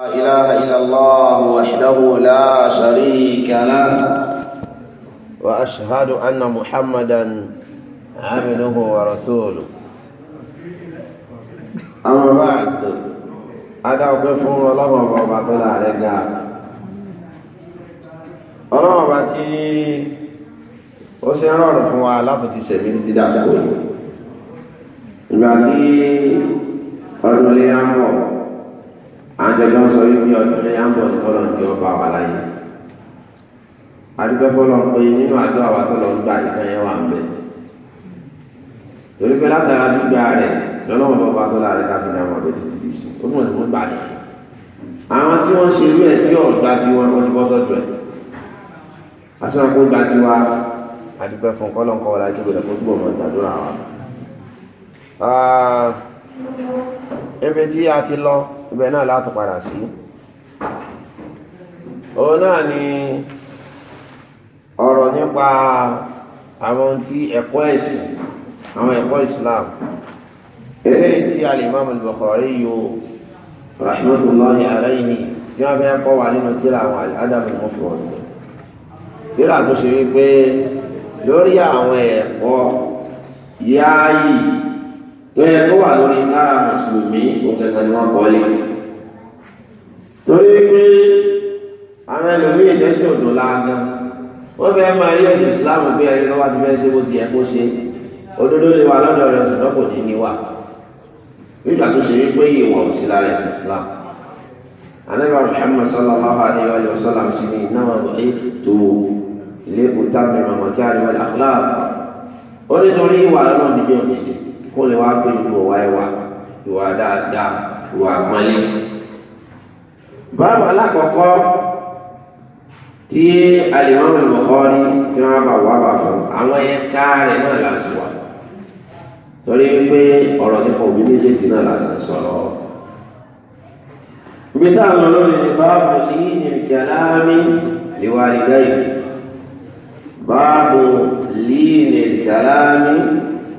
إله إلا الله وحده لا شريك له وأشهد أن محمدا عبده ورسوله أما بعد أنا أقفون الله عليك ọlọ́run ọba tí ó ṣe rọrùn fún wa láti ti àjọjọ́ ń sọ wípé ọdún ní yàmbọ̀ ní bọ́lọ̀ ní ọba àbáláyé adúgbò bọ́lọ̀ ń pè nínú àjọ àwa tó lọ ń gba ìkan yẹn wà ń bẹ̀ torí pé látara gbígba rẹ̀ lọ́lọ́wọ́ bọ́ba tó láre káfí ní àwọn ọ̀bẹ̀tì ti fi sùn ó mọ̀ ní wọ́n gbà ní. àwọn tí wọ́n ṣe irú ẹ̀ tí ọ̀gá ti wọn wọ́n ti bọ́ sọ́dọ̀ ẹ̀ aṣọ àkóńgbà ti wá adúgbò fún kọ́lọ́ńkọ́ wọlé ajé gbọ́dọ̀ fún gbọ́mọ̀ ibi tí a ti lọ ibẹ̀ náà láti padà sí òun náà ni ọ̀rọ̀ nípa àwọn tí ẹ̀kọ́ ẹ̀sìn àwọn ẹ̀kọ́ Islam eléyìí tí al-Imam al-Bukhari yóò rahmatullahi alayhi tí wọ́n fẹ́ kọ́ wa nínú tíra àwọn al-Adab al-Mufrad tíra tó ṣe wípé lórí àwọn ẹ̀kọ́ yááyì tó yẹ kó wà lórí lára mùsùlùmí ògẹ̀gẹ̀ ni wọ́n kọ́lé torí pé àwọn ẹlòmíì ìdẹ́sẹ̀ òdò láàgán wọ́n fẹ́ máa rí ẹ̀sìn ìsìláàmù pé ẹni lọ́wọ́ ti fẹ́ ṣe bó ti yẹ kó ṣe òdodo lè wà lọ́dọ̀ rẹ̀ ṣùgbọ́n kò ní ní nígbà tó ṣe wípé ìwọ̀n sí lára ẹ̀sìn ìsìláàmù anábà Muhammad sallallahu alayhi wa sallam sí ni iná wọn bọ̀ ètò ilé kùtà mẹ́rin mọ̀mọ́kí àríwá àkùlá ó nítorí ìwà lọ́nà níbi òmìnir kó lè wá pé ìlú ọ̀wá ẹwà ìwà dáadáa ìwà àpọ́nlé. báwo alákọ̀ọ́kọ́ tí alìmọ́mù Bukhari tí wọ́n bá wà bá fún àwọn yẹn káàrin náà láti wà torí wípé ọ̀rọ̀ nípa òbí méjèèjì náà láti sọ̀rọ̀ ibi táwọn olórin ní báàbù ní ìjàlámi ìwà àrídáyì báàbù líìnì ìjàlámi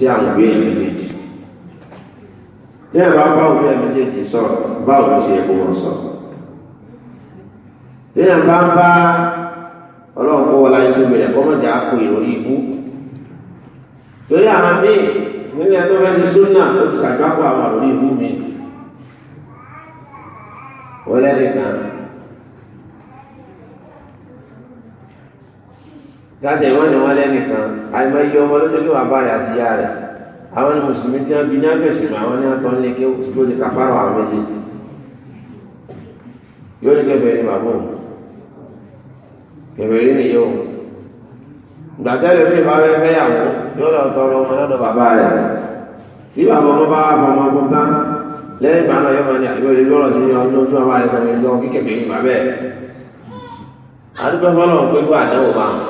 sí àwọn ìwé yẹn méjèèjì tí ẹ bá bá òwe yẹn méjèèjì sọ̀rọ̀ bá òwe ṣe yẹ kó wọn sọ̀rọ̀ tí ẹ bá bá ọlọ́run kó wọlé ayé tó bẹ̀rẹ̀ kọ́ mọ̀jà kó ìròyìn ibú torí àwọn míì nílẹ̀ tó fẹ́ ṣe súnà ó ti ṣàgbákò àwọn àròyìn ibú mi wọlé nìkan. láti ẹ̀wọ́n ni wọ́n lẹ́nìkan àìmọye ọmọ lójú kí wàá bá àti ìyá rẹ̀ àwọn ni mùsùlùmí ti kàfàrọ̀ àwọn méjèèjì yóò ní kẹfẹ́ ní bàbá òun kẹfẹ́ rí ni yóò gbàtẹ́lẹ̀ mi bá fẹ́ fẹ́yàwó yóò lọ tọrọ ọmọ lọ́dọ̀ bàbá rẹ̀ tí bàbá ọmọ bá fọmọ ọkùn tán lẹ́yìn ìgbà náà yóò ní àgbẹ̀rẹ̀ lọ́rọ̀ sí ọdún ní bàbá fọlọ́ pé kó àdáwò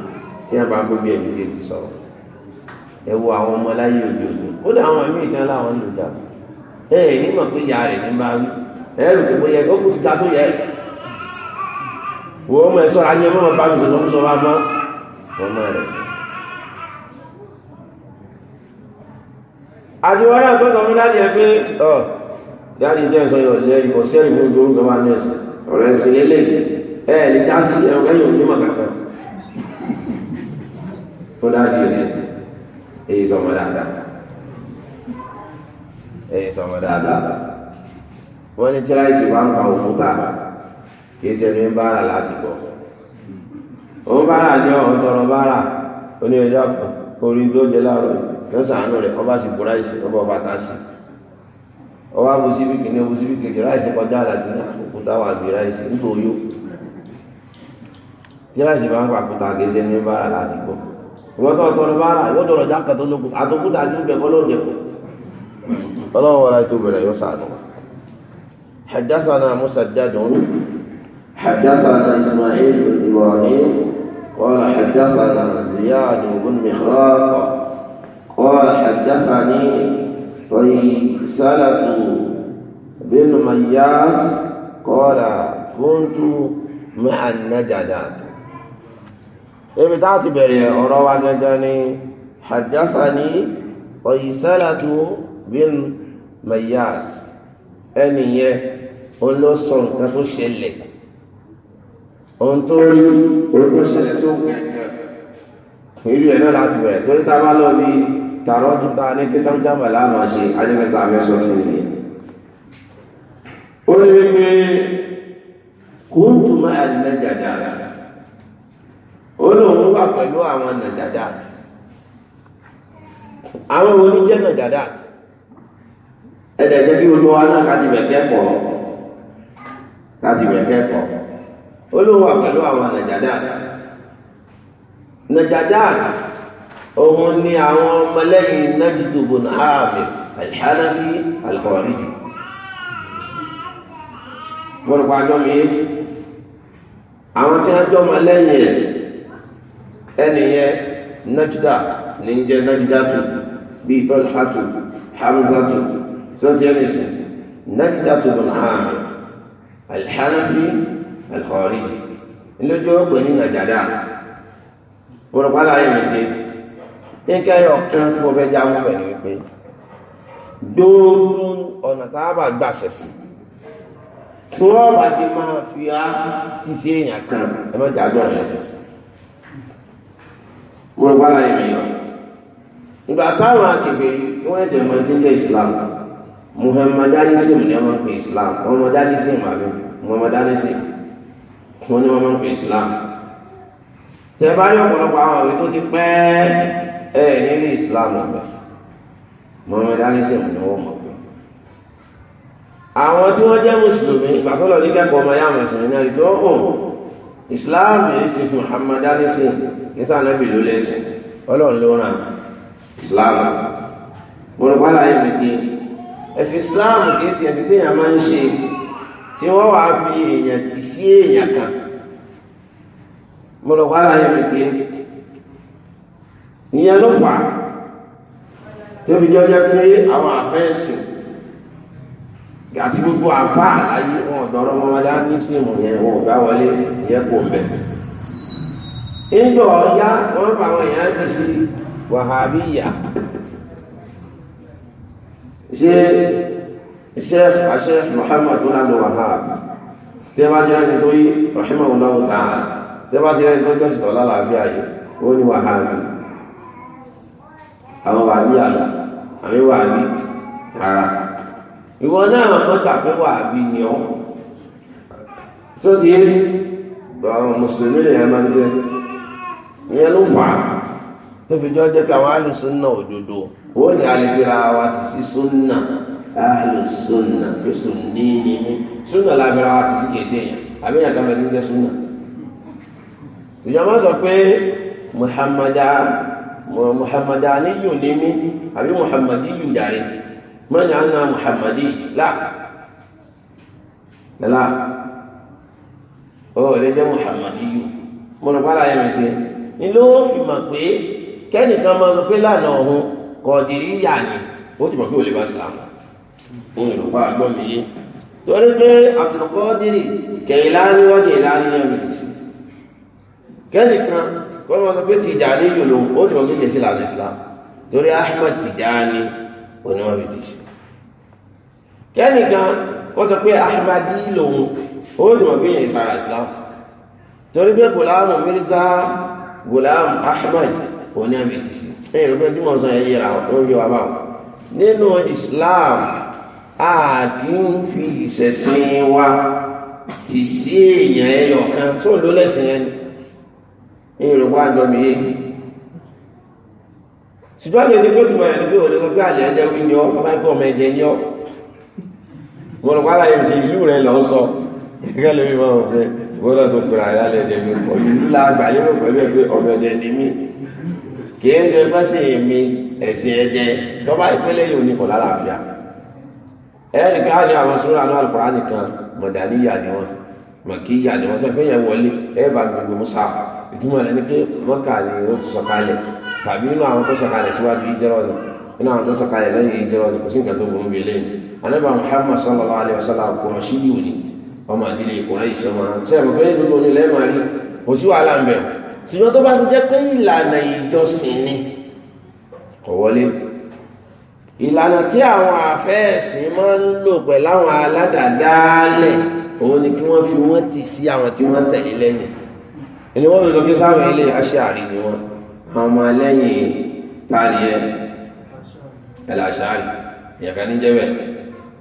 tí wọn bá gbóbi ẹbí kejì sọ̀rọ̀ ẹ wo àwọn ọmọ láyé òde òde kódà àwọn ẹmí ìtàn láwọn lò dà ẹ ẹ nígbà pé ìyá rẹ ní bá wí ẹ rò pé bóyá ó kù ti ta tó yẹ wo ọmọ ẹ ṣọ́ra ní ọmọ bá mi sọ lọ́n sọ wá mọ́ ọmọ rẹ. àti wọn náà gbọ́dọ̀ mi láti ẹ pé ọ dáàdi jẹ́ ìsọ yọ lẹ́ ìkọ̀sí ẹ̀rí fún ìgbóhùn tó máa ní ẹ̀sìn ọ̀rẹ́ ìsìn lélẹ̀ ẹ̀ lè dá sí ẹ̀rọ ẹ̀yọ̀ onímọ̀ kankan fúnra di rẹ̀ èyí sọmọ dáadáa èyí sọmọ dáadáa wọ́n ní tíráìsì wá ń pa òkúta kìí ṣe ní bára láti bọ̀ òun bára ní ọ̀hún tọrọ bára oníyọjọ́ orin tó jẹ láàrọ̀ yóò sàánú rẹ̀ ọba sì bu ráìsì ọba ọba tá sí ọba bu síbi kìíní bu síbi kejì ráìsì kọjá àlàjì ní òkúta wà bí ráìsì nítorí ó tíráìsì wá ń pa òkúta kìí ṣe ní bára láti bọ̀ wọ́n tọ́ tọrọ bára yóò dọ̀rọ̀ jáǹkà tó lókun àtòkúta àti ìgbẹ̀kọ́ ló jẹ kù ọlọ́run wọlé tó bẹ̀rẹ̀ yóò sànù حدثنا مسدد حدثنا إسماعيل بن إبراهيم قال حدثنا زياد بن مخراق قال حدثني رسالة بن مياس قال كنت مع النجدات ibi tá ti bẹ̀rẹ̀ ọ̀rọ̀ wa gẹ́gẹ́ ni hadathani ọ̀yísẹ́lẹ̀tù bin mayaz ẹnìyẹn olóṣọ nǹkan tó ṣẹlẹ̀ ohun tó rí ohun tó ṣẹlẹ̀ tó gẹ̀gẹ̀ irú ẹ̀ náà láti bẹ̀rẹ̀ torí tá bá lọ bí tààrọ́ tó ní kíkọ́ jábà lánàá ṣe ajẹ́mẹ́ta mẹ́sọ̀ fún ó lè gbé kóńtù máa lẹ́jà ó lóun wà pẹ̀lú àwọn nàjàdàt àwọn wo ni jẹ́ nàjàdàt ẹ̀dẹ̀ jẹ́ kí gbogbo wa náà káti bẹ̀kẹ́ pọ̀ káti bẹ̀kẹ́ pọ̀ ó lóun wà pẹ̀lú àwọn nàjàdàt nàjàdàt òun ni àwọn ọmọlẹ́yìn nájìdò bùn áàmì alhànàfi alkọ̀ọ̀rìjì wọ́n pa àjọ mi àwọn tí wọ́n jọ́ ọmọlẹ́yìn ẹ̀ ẹni yẹn ní jẹ́ najdatu bíi tọ́lhatu hamzatu tó ti ẹni sìn najdatu bin amir alhanafi alkhariji lójú ọgbẹ ní nàjàdá òrùpálá yìí mi ti nígbà yọ kán tó fẹ́ jáwọ́ bẹ̀ ni wípé dóòrùn ọ̀nà tá a bá gbà ṣẹ̀sì tí wọ́n bá ti máa fi á ti ṣe èèyàn kan ẹ má jágbọ́n ẹ̀ṣẹ̀ṣẹ̀ mo rò wáyà ènìyàn ìgbà táwọn akẹgbẹ́ wọ́n ẹsẹ̀ mọ ń jẹ́ islam muhammadanism ni wọ́n islam àbí wọ́n ní islam bá rí ọ̀pọ̀lọpọ̀ àwọn àwẹ̀ tó ti pẹ́ nínú islam ni àwọn tí wọ́n jẹ́ nísà anábì ló lẹ́sìn ọlọ́run ló ràn islam olùkọ́ àlàyé mi ti ẹ̀sìn islam kì í ṣe ẹ̀sìn téèyàn máa ń ṣe tí wọ́n wàá fi èèyàn ti sí èèyàn kan mi ti ìyẹn ló fà fi jọjọ pé àwọn gbogbo wọn ọ̀dọ́rọ́ ní sí ìmọ̀ yẹn wọn ò bá ńjọ ọ̀yá wọ́n fa àwọn èèyàn ti ṣe wàhábíyà ṣe sheikh asheikh muhammad nulani wahab tẹ́bá ti rẹ́ni tó yí rahimahullahu ta'ala tẹ́bá ti rẹ́ni tó gbẹ̀sì tọ́lá làbíà yìí ó ní wàhábí àwọn wàhábí àlà àmì wàhábí ara ìwọ náà wọ́n pé wàhábí ni ọ́ tó ti yé gbọ́ mùsùlùmí lè yẹn máa ń jẹ́ ìyẹn ló fà á tó fi jọ jẹ́ pé àwọn alùsùnà òdodo ó ní alìfira wa ti sí sùnà alùsùnà pé sùnì ní ní sùnà làbẹ̀rẹ̀ wa ti sí kèsì èèyàn àbí èèyàn kan bẹ̀ ní jẹ́ sùnà. ìjọba sọ pé muhammadu muhammadu aniyu ní mí àbí muhammadu yù jàre mọ́nyà ń na muhammadu là là ó lè jẹ́ muhammadu yù mọ́nà bá láyé mi tiẹ̀ ni ló fi mọ̀ pé kẹ́nìkan máa sọ pé lànà ọ̀hún kọ̀ọ̀dìrí yà ni ó ti mọ̀ pé ò lè bá sàmù òun ló bá gbọ́ mi yé torí pé àbùkọ́dìrì kẹ̀yìnlá ni wọ́n kẹ̀yìnlá ni wọ́n ti sí kẹ́nìkan kọ́ ni wọ́n sọ pé Tìjàní yòó lòun ó ti mọ̀ pé kẹ̀sí lànà Islam torí Ahmed Tìjàní òní wọ́n ti sí kẹ́nìkan wọ́n sọ pé Ahmadi lòun ó ti mọ̀ pé yẹn ìfara torí pé kò láwọn Mirza Gulam Ahmad òní àmì ti sí ẹ̀yìn rẹ̀ tí mo sọ ẹ̀yẹ ra ọ̀hún yóò wá bá wọn. nínú Islam a kì í fi ìṣẹ̀sìn wa ti sí èèyàn ẹyọ kan tó ló lẹ́sìn ẹni ẹ̀yìn rẹ̀ wá jọ mi yé ṣùgbọ́n àgbẹ̀ ìdíkò tó bẹ̀rẹ̀ níbi òní gbogbo àlẹ́ ẹ̀jẹ̀ wí ni ọ́ bàbá ìgbọ́ ọmọ ẹ̀jẹ̀ ni ọ́ mo rò láyé ti ìlú rẹ̀ lọ́ sọ ìgbẹ́ lórí wọn ò bẹ́ẹ̀ gbọ́dọ̀ tó pèrè àyálẹ̀ dẹ̀mí òyìnbó la àgbáyé wò pẹ̀lú ẹgbẹ́ ọ̀bẹ̀dẹ̀ dẹ̀mí kìí ṣe gbọ́sẹ̀ mi ẹ̀sìn ẹ̀jẹ̀ tọ́ba ìpínlẹ̀ yìí ò ní kò lálàáfíà ẹ̀ẹ́nì ká ní àwọn sùúrà náà Al-Qur'an nìkan mọ̀dàlíyà ni wọ́n mọ̀kíyà ni wọ́n sọ pé yẹn wọlé ẹ̀ bá gbogbo musa ìtumọ̀ rẹ̀ ni pé mọ́kà ni wọ́n ti sọ̀kalẹ̀ tàbí inú àwọn tó sọ̀kalẹ̀ síwájú ìjẹ́rọ̀ inú àwọn tó sọ̀kalẹ̀ lẹ́yìn ìjẹ́rọ̀ kò sí nǹkan tó burú bíi lẹ́yìn anábà sallallahu alayhi wa kò hàn sí yìí ọmọ àdílé ìkùnrin ìṣọmọ sẹ́wọ̀n fẹ́ gbogbo ní lẹ́ẹ̀mà rí kò sí wàhálà ń bẹ̀ ṣùgbọ́n tó bá ti jẹ́ pé ìlànà ìjọsìn ni kò wọlé ìlànà tí àwọn àfẹ́ẹ̀sìn máa ń lò pẹ̀lú àwọn aládàádáálẹ̀ òun ni kí wọ́n fi wọ́n tì sí àwọn tí wọ́n tẹ̀lé lẹ́yìn ẹni wọ́n fi sọ pé sáwọn ilé aṣáàrí ni wọ́n àwọn ọmọ lẹ́yìn táàrí ẹ ẹ̀là aṣáàrí ìyàkà níjẹ́ bẹ́ẹ̀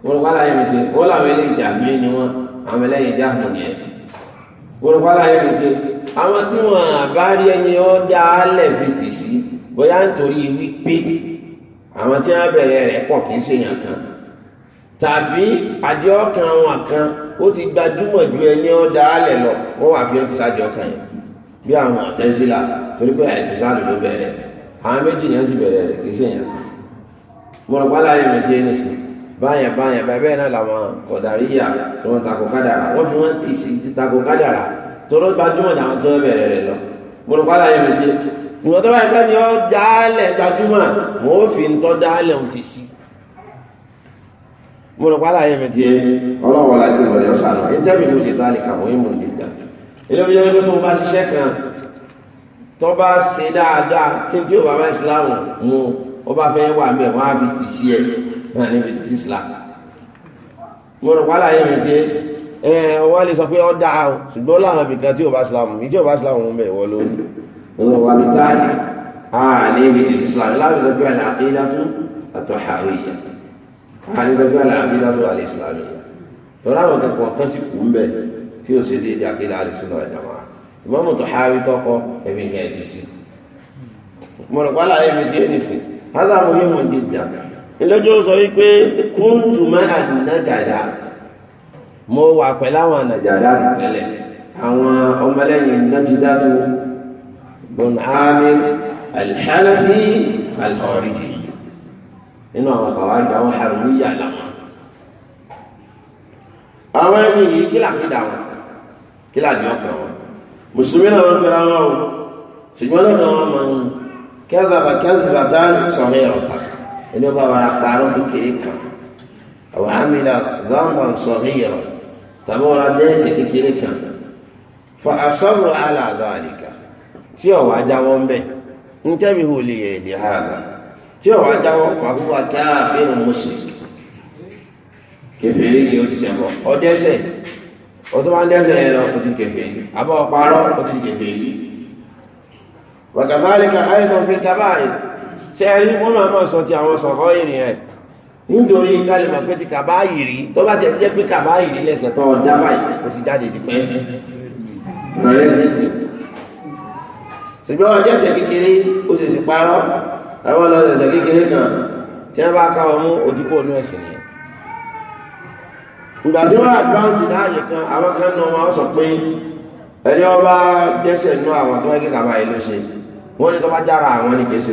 wọ́n lọ́wọ́ láyé mi ti wọ́n láwọn ilé ìjà mí ni wọ́n àwọn ẹlẹ́yìn jáàmù yẹn gbogbo aláyé mi ti àwọn tí wọn bá rí ẹni ọ dá alẹ́ fi tì sí bóyá nítorí wípé àwọn tí wọn bẹ̀rẹ̀ rẹ̀ pọ̀ kì í ṣèyàn kan tàbí àjọkàn àwọn kan ó ti gbajúmọ̀ ju ẹni ọ dá alẹ́ lọ wọ́n wà fi hàn ti ṣáàjọ kan yẹn bí àwọn àtẹ́sílà torí pé àìsíṣàlù ló bẹ̀rẹ̀ àwọn méjì yẹn sì bẹ̀rẹ̀ rẹ̀ kì í ṣèyàn kan mo rò pálá yẹn ẹni sùn báyàn báyàn bẹ́ẹ̀ náà làwọn kọ̀dàríyà tí wọ́n takò kádàrà wọ́n fi wọ́n tì sí takò kádàrà tóró gbajúmọ̀ làwọn tó bẹ̀rẹ̀ rẹ̀ lọ mọ̀lùpàdà yẹn mi ti ìwọ̀n tó bá yẹ ni ọ́ dálẹ̀ gbajúmọ̀ mọ̀ ó fi ń tọ́ dálẹ̀ ń ti sí mọ̀lùpàdà yẹn mi ti ọlọ́wọ́ láti wọlé ọ̀sán náà ń tẹ́bi lóde tá a lè kàwé ilé ọjọ́ yẹn tó mu ó bá fẹ́ wà mẹ́ náà níbi tí islam mo rò wálá yẹn mi ti ẹ wọ́n lè sọ pé ọ́ dáa o ṣùgbọ́n láwọn ibì kan tí ò bá islam mi tí ò bá islam ń bẹ̀ wọ́n lórí òun wà mí táyì á níbi tí islam láti sọ pé àlà àkídàtú àtọ̀hàwíyà àti sọ pé àlà àkídàtú àlè ìsìlámì tọ́lá àwọn sí mọ̀rọ̀pálá ẹ̀mí tí ẹni sí ìlọ́jọ́ sọ wípé kúntùmá ànàjàdà mo wà pẹ̀lú àwọn ànàjàdà tẹ́lẹ̀ àwọn ọmọlẹ́yìn nàbídàtú bùn ámì alḥàlàfí alḥọ̀rìjì nínú àwọn kàwáàgbà àwọn harumiyà làwọn. àwọn ẹni yìí kí làkúdà wọn kí làdí ọkàn wọn mùsùlùmí náà wọn pẹ̀lú àwọn o ṣùgbọ́n lọ́dọ̀ wọn mọ̀ ń kẹ́zàbà kẹ́zàbà tá sọ̀rọ̀ ẹ̀rọ tàkà ẹni ọba wa parọ́ kékeré kan àwọn amílà zanban sọ̀rí yẹrọ tàbí wọn adẹ́sẹ̀ kékeré kan fa asọ́rọ̀ aláàdọ́ àdìgá tí ọ̀wá jáwọ́ ń bẹ̀ ń tẹ́bi hù lè yẹ èdè hàrà tí ọ̀wá jáwọ́ pàkúwà káàfin mùsùlùmí kẹfẹ́rí ni ó ti sẹ́bọ̀ ọdẹ́sẹ̀ ọtọ́ máa ń dẹ́sẹ̀ yẹn lọ ó ti kẹfẹ́rí abọ́ parọ́ ó ti kẹfẹ́rí wàkàtà àlìkà àìsàn fi kábàáyé tẹ́rí wọ́n máa máa sọ ti àwọn sọ̀rọ̀ ìrìn ẹ̀ nítorí kálímà pé ti kàbá ìrí tó bá jẹ́ jẹ́ pé kàbá ìrí lẹ́sẹ̀ tó ọjà báyìí kò ti jáde ti pẹ́ rẹ̀ títí ṣùgbọ́n ọjọ́ ẹ̀sẹ̀ kékeré ó sì sì parọ́ àwọn lọ ẹ̀sẹ̀ kékeré kan tí wọ́n bá ká ọmú ojúkó onú ẹ̀sẹ̀ nìyẹn ìgbà tí wọ́n àgbáǹsì láàyè kan àwọn kan náà wọ́n sọ pé ẹni ọba jẹ́sẹ̀ nú àwọn tó wáyé kàbá ìlú ṣe wọ́n ní tó bá jára àwọn ní kèé ṣe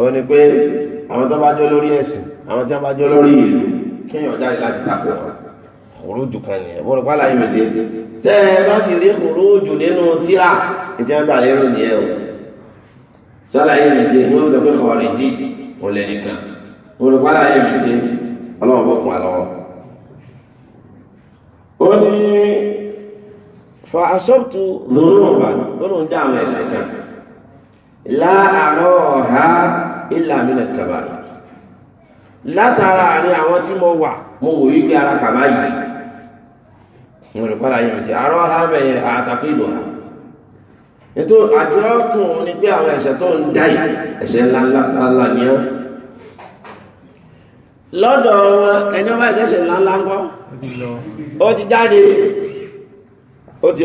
ó ní pé àwọn tó bá jọ lórí ẹ̀sìn àwọn tí wọ́n bá jọ lórí ìlú kéèyàn jáde láti tako wọn òrùjù kan nìyẹn bọ́ọ̀lù pàlà yìí mìtì tẹ́ ẹ bá sì rí òrùjù nínú tíra ìtí wọn gbà lérò nìyẹn o sọ́là mìtì wọ́n sọ pé ọ̀rẹ́ jì òun lẹ́nu kan bọ́ọ̀lù pàlà yìí mìtì ọlọ́wọ́ bó kún àlọ́wọ́. ó ní fa asọ́tù lórúkọ bá lórúkọ dá àwọn kan. láàárọ̀ ọ̀há ilà mílẹ̀ kàbá látara àárín àwọn tí mo wà mo wò ara kàbá yìí mo rò yìí àti àárọ̀ ọ̀há ètò àdúrókùn ni pé àwọn ẹ̀ṣẹ̀ tó ń dá yìí ẹni ọba ti jáde ó ti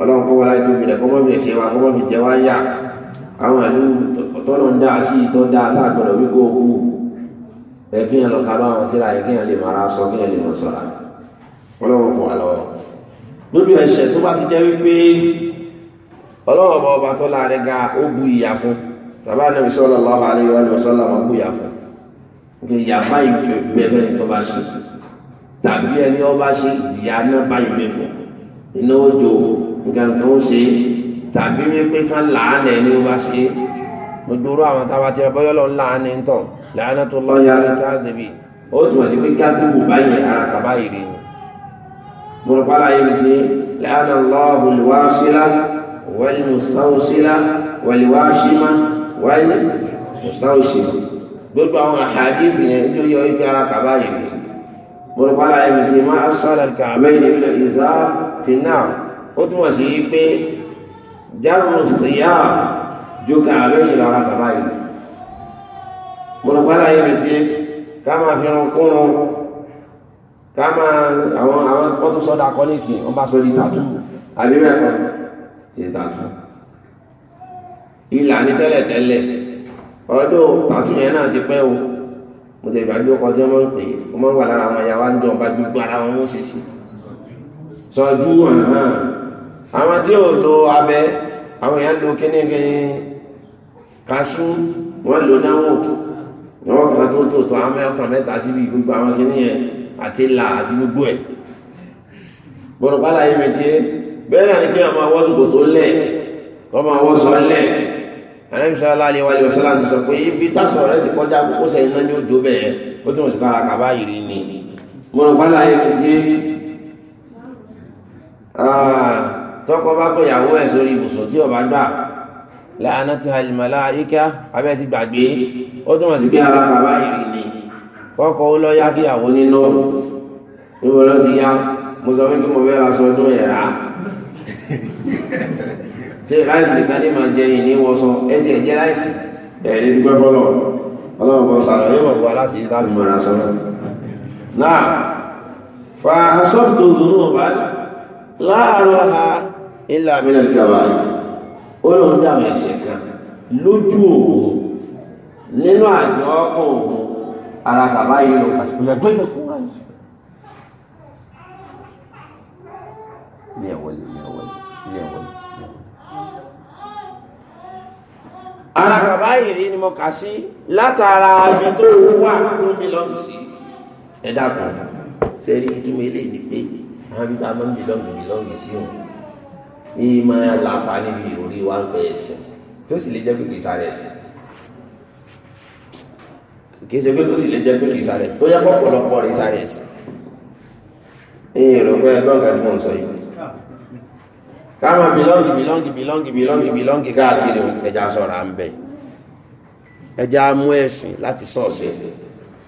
ọlọ́run kọ́ wọlé tó bìrẹ̀ kọ́mọ́ bìrẹ̀ ṣe wa kọ́mọ́ bìrẹ̀ jẹ́ wá yà àwọn àlú tọ́nà ń dá sí ìtọ́ dá láàgbọ̀dọ̀ wípé ó kú ẹ yẹn lọ ká báwọn tíra yẹ kí yẹn lè mara sọ kí yẹn lè mọ sọ̀ra ọlọ́run kọ́ wà lọ́wọ́ lórí ẹ̀ṣẹ̀ tó bá ti jẹ́ wípé ọlọ́run ọba ọba tó láàrin ga ó bu ìyà fún bàbá nàbì sallallahu alaihi wa sallam bu ìyà fún ìyà báyìí gbẹ̀fẹ́ ni tó bá ṣe tàbí ẹni ọba ṣe ìyà náà báyìí gbẹ̀fọ́ iná ó jó nǹkan tó ṣe tàbí wípé kán làánà ẹni ó bá ṣe ojúrú àwọn táwa ti ọbọ yọlọ ńláàánì ń tàn làánà tó lọ ya ní káàdébì ó túmọ̀ sí pé káàdébù báyìí ara kàbá ìrìn mo rò pálá yìí ti làánà lọ́ọ̀bù lùwá sílá wẹ́lì mùsùlùmí sílá wẹ́lì wá símá wẹ́lì mùsùlùmí sílá gbogbo àwọn àhàdíìsì yẹn tó yọ ibi ara kàbá ìrìn mo rò pálá yìí ti má asfalẹ̀ ó túmọ̀ sí pé járùn fìyà jókè àárẹ̀ ìlọ́ra bàbá yìí mọ̀lọ́pàá láyé mi ti ká máa fi rún kúrún ká máa àwọn àwọn pọ́tù sọ́dà kọ́ nísìnyí wọ́n bá sọ di tàtú àbíwẹ̀ kan ti tàtú ìlà ní tẹ́lẹ̀tẹ́lẹ̀ ọdún tàtú yẹn náà ti pẹ́ o mo tẹ̀ ìgbàgbé ọkọ̀ tí wọ́n ń pè é wọ́n wà lára àwọn ayáwá ń jọba gbogbo ara wọn ó ṣe sí sọjú hàn àwọn tí ò lo abẹ àwọn èèyàn lo kíní kí kaṣú wọ́n lò náwó wọ́n kan tó tó tó àwọn ọkàn mẹ́ta síbi gbogbo àwọn kíní yẹn àti là àti gbogbo ẹ̀ gbọ́dọ̀ pálá yìí méjì ni kí àwọn awọ́sùkò tó lẹ̀ kọ́ máa wọ́sọ lẹ̀ ẹ̀rẹ́mìsọ́ aláàlẹ́ wáyé ọ̀sọ́lá ti sọ pé ibi tásọ̀ rẹ ti kọjá kókó sẹ́yìn náà ní ó jó bẹ́ẹ̀ ó túnmọ̀ ni gbọ́dọ̀ tọkọ bá kó ìyàwó ẹ̀ sórí ibùsùn tí ọba gbà láàánú ti ha ìmọ̀lá ika abẹ́ ti gbàgbé ó túmọ̀ sí pé ara bàbá yìí ni kọ́kọ́ ó lọ yá kí ìyàwó nínú ti yá mo sọ fún kí mo fẹ́ ra sọ rà ṣé láìsí nìkan ní màá jẹ yìí ní ẹ ti láìsí ẹ̀ ní dúpẹ́ ọlọ́run yóò wọ̀ ha ńlá abẹ́rẹ́ ìjọba ó lóun dàmú ẹ̀ṣẹ̀ kan lójú òun nínú àjọ ọkọ̀ òun ara kàbá yìí lọ àsìkò lẹ́gbẹ́ yẹn kúrò yìí. ilé ẹ̀wọ̀lẹ̀ ilé ẹ̀wọ̀lẹ̀ ilé ẹ̀wọ̀lẹ̀. ara kàbá yìí rí ni mo kà sí látara ibi tó wà ló mi lọ́mù sí ẹ̀dá kan sẹ́rí ìtumọ̀ eléyìí pé àwọn ibi tá a máa mi lọ́mù sí òun ìmọ̀ làpá níbi ìròrí wa ń pẹ́ ẹ̀sìn tí ó sì lè jẹ́ pé kìí sáré ẹ̀sìn kìí ṣe pé tó sì lè jẹ́ pé kìí sáré ẹ̀sìn tó yẹ kó pọ̀lọpọ̀ rẹ̀ sáré ẹ̀sìn. èrò pé ẹgbẹ́ ọ̀gá tí mo ń sọ yìí ká máa bìlọ́ǹgì bìlọ́ǹgì bìlọ́ǹgì bìlọ́ǹgì káàkiri ẹja sọ̀rọ̀ à ń bẹ̀ ẹja mú ẹ̀sìn láti sọ̀ọ̀sì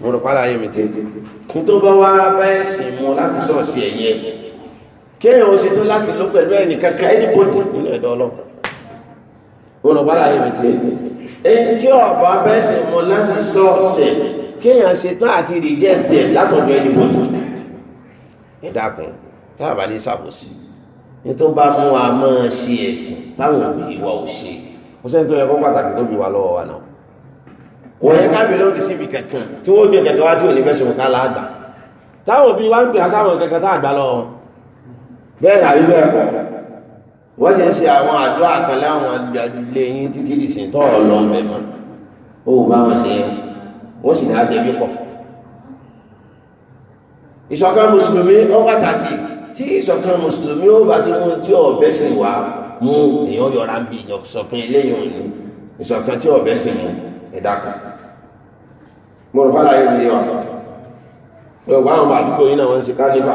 mo rò pálá yẹn mi tẹ́ kí tó bá wá bá ẹ̀sìn mu láti sọ̀ọ̀sì ẹ̀yẹ kéèyàn ó ṣe tó láti ló pẹ̀lú ẹnì kankan ẹni bójú nínú ẹ̀dọ́ ọlọ́run olùbárà yìí mi ti èyí tí ọba bẹ́sẹ̀ mọ láti sọ ọ̀sẹ̀ kéèyàn ṣe tán àti rìjẹ́ǹtẹ̀ látọ̀dọ̀ ẹni bójú nídàkùn táàbà ní sàbòsí ní tó bá mú wa máa ṣe ẹ̀sìn táwọn òbí wa ò ṣe kò sẹ́ni tó yẹ kó pàtàkì tó bí wa lọ́wọ́ wa náà kò yẹ kábí lóde síbi kankan tí wọ́n gbé kẹ̀kẹ́ wá tí ò ní fẹ́ ṣe wọn ká láàgbà táwọn òbí wa ń pè á sáwọn kẹ̀kẹ́ tá àgbà lọ́wọ́ bẹ́ẹ̀ àbí bẹ́ẹ̀ kọ́ wọ́n ṣe ń ṣe àwọn àjọ àkànlá àwọn ilé yín títí di sìn tọ́ ọ̀lọ́ ọ̀bẹ mọ́ ó bá wọn ṣe wọ́n sì ní àjẹbí pọ̀ ìṣọ̀kan mùsùlùmí ó pàtàkì tí ìṣọ̀kan mùsùlùmí ó bá ti mú tí ọ̀bẹ sì wá mú èèyàn yọra ń bi ìṣọ̀kan eléyìí òní ìṣọ̀kan tí ọ̀bẹ sì mú ìdákan mo rò bá láyé mi yé àwọn àdúgbò yìí náà wọ́n ń ṣe kánífà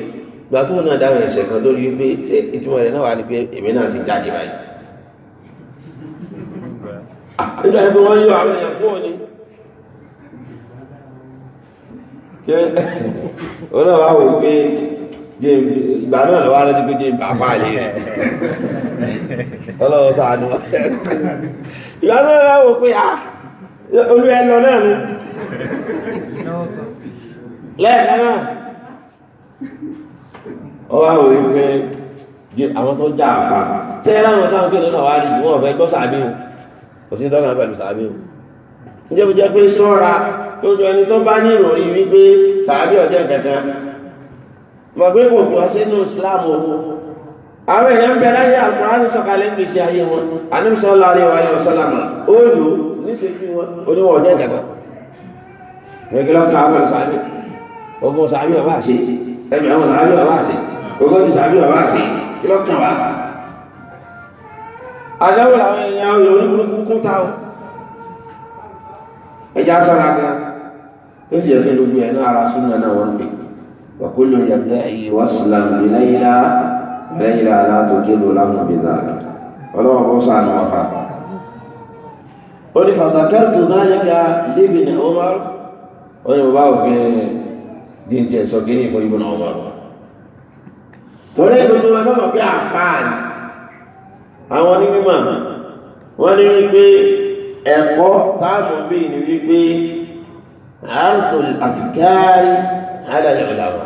gbà tó náà dáhùn ẹ̀ṣẹ̀ kan lórí wípé ṣé ìtumọ̀ rẹ̀ náà wà ní pé èmi náà ti jáde báyìí. nígbà yẹn pé wọ́n yọ àwọn èèyàn kúrò ní. ṣé olóòwò àwọn ìgbé ìgbà náà lọ́wọ́ rẹ̀ ti pé jẹ́ ìgbà fáàlì rẹ̀ ọlọ́wọ́ sàánú ìgbà náà lọ́wọ́ pé a ah, olú ẹ lọ náà nù lẹ́ẹ̀kan náà ọwọ́ àwọn ìpè àwọn tó já àpá ṣé ẹ láwọn táwọn kéde náà wá rí ìwọ̀n ọ̀fẹ́ gbọ́ sàbí o kò sí dọ́gba pẹ̀lú sàbí o. ǹjẹ́ mo jẹ́ pé sọ́ra tó jọ ẹni tó bá ní ìròrí wípé sàbí ọ̀jẹ̀ kankan mọ̀ pé kò gbọ́ sínú Islam owó àwọn èèyàn bẹ láyé àkùránì sọ̀kalẹ̀ ń gbèsè ayé wọn ànímsọ́lá àríwá ayé ọ̀sọ́lámà ó lò níṣẹ́jú wọn oníwọ̀ ọ̀jẹ̀ kankan ẹgbẹ́ lọ́kàn àwọn sàbí ogun sàbí ọ̀bá àṣẹ ẹgbẹ́ àwọn sàbí ọ̀bá àṣẹ gbogbo ti sàbí bàbá àti ìlọ́kàn wa. àdáwò làwọn èèyàn ọyọ oníburúkú kún ta o ẹja sọra gan ó sì yẹ kí gbogbo ẹ̀ náà ara súnmọ́ náà wọ́n pè wàkúlò yàtọ̀ ìwà sùlámù ìlẹ́yìnlá ìlẹ́yìnlá alátòkèlò lámùbìlà ọlọ́wọ́ bó sànù wọn fà. ó ní fàtàkẹ́rù tó náà yẹ ká débìnrin ọmọ ó ní mo bá òfin díjẹ sọ kí ní ìfọ ìbùnà ọmọ rẹ torí gbogbo ọlọ́mọ bí àǹfààní àwọn onímọ̀ wọ́n ní wípé ẹ̀kọ́ táàmù bíi ni wípé àrùtò àfikárí alẹ́ ọ̀làwà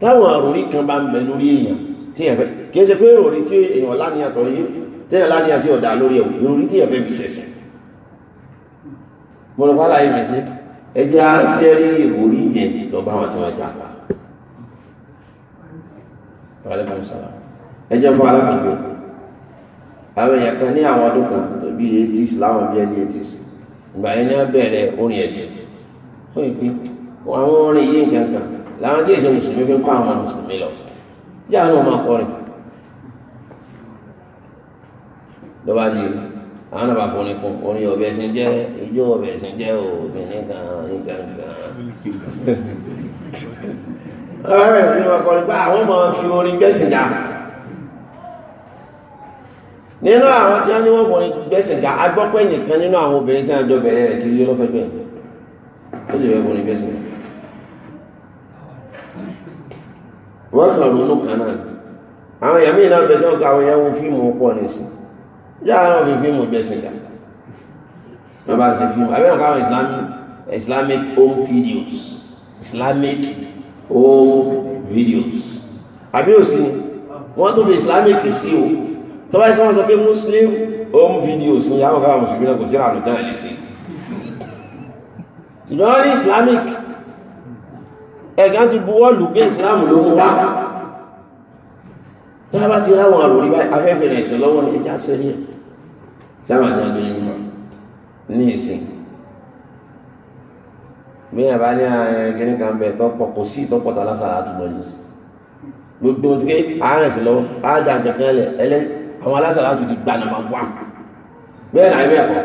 táwọn àròrí kan bá ń bẹ lórí èèyàn tí ẹ̀fẹ́ kìí ṣe pé ìròrí tí èèyàn lánìyàn tó yí tí èèyàn lánìyàn tí ọ̀dà lórí ẹ̀wù ìròrí tí ẹ̀fẹ́ fi ṣẹ̀ṣẹ̀ mo láyé mi ẹjẹ́ á ṣẹ́rí ìròrí yẹn lọ́ba àwọn tí wọ́n jà pa ẹ jẹ́ fún alákìgbé àwọn èèyàn kan ní àwọn ọdún kan bí etis láwọn bí ẹni eighties ìgbà yẹn ní bẹ̀rẹ̀ orin ẹ̀sìn ó yẹ pé àwọn orin yìí nǹkan kan làwọn tí èso mùsùlùmí fi kọ́ àwọn mùsùlùmí lọ jẹ́ lọ́ba àwọn náà bá kún orin ọ̀bẹ ẹ̀sìn jẹ́ ijó ọ̀bẹ ẹ̀sìn jẹ́ òbí nìkan nìkan nìkan. ọ̀rẹ́ ìlú ọkọ̀rin pé àwọn ọmọ fi orin gbẹ́sìn jà nínú àwọn tí wọ́n ní wọ́n fọrin gbẹ́sìn jà agbọ́pẹ́ nìkan nínú àwọn obìnrin tí wọ́n jọ bẹ̀rẹ̀ rẹ̀ kiri yóò lọ́fẹ́ bẹ̀rẹ̀ ó sì fẹ́ fọrin gbẹ́sìn jà wọ́n kàn ronú kan náà àwọn èèyàn míì náà tó ń àwọn fíìmù pọ̀ nìsín yáà náà fi fíìmù Islamic home videos Islamic home videos àbí òsì ni wọ́n tó fi islamic sí o tọ́wá ìtọ́ wọn sọ pé muslim home videos ni àwọn káwọn mùsùlùmí náà kò sí àrùn tẹ́lẹ̀ lè sí ṣùgbọ́n ní islamic ẹ̀gá ti buwọ́lù pé islam ló ń wá tí a bá ti ráwọn àròrí báyìí afẹ́fẹ́ rẹ̀ ìṣẹ̀lọ́wọ́ ní ẹjá sẹ́rí ẹ̀ sáwọn àti àgbẹ̀yìn ní gbẹ̀yìn bá ní ah, kíní kan bẹ̀ tọ́pọ̀ kò sí ìtọ́pọ̀ tó aláṣà àtúbọ̀ yìí gbogbo tí àárẹ̀ sí lọ́wọ́ ájà àjẹkẹ́ lẹ̀ ẹlẹ́ àwọn aláṣà láti ti gbà nàmà wà bẹ́ẹ̀ náà ẹgbẹ́ ẹ̀kọ́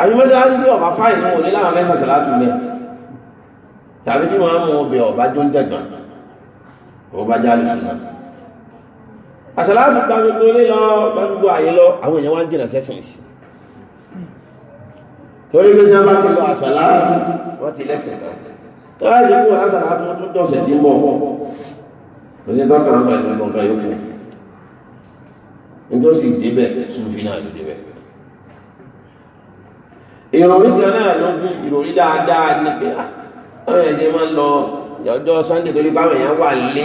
àbí mẹ́sàlásì tí ọ̀bá fáìn náà ní láwọn mẹ́sàlásì láti mẹ́ tàbí tí wọ́n á mú ọbẹ̀ ọ̀bá jó ń dẹ̀gbọ̀n ọba jálù sùnà àṣàlásì gbàgbogbo lé lọ gbàgbogbo àyè lọ àwọn èèyàn wá ń jìnà sẹ́sìn sí i torí pé jẹ́ bá ti lọ àṣàlá wọ́n ti lẹ́sẹ̀ tán tó bá ti kú àṣàlá tó tún dọ̀sẹ̀ tí ń bọ̀ kò sí tọ́ka ń pẹ̀lú gbọ̀ngàn yòókù nítòsí débẹ̀ sunfin náà ló débẹ̀ ìròrí kan náà ló gún ìròrí dáadáa ní pé àwọn ah, ẹ̀sẹ̀ máa ń lọ ọjọ́ sunday torí pé àwọn èèyàn wà lé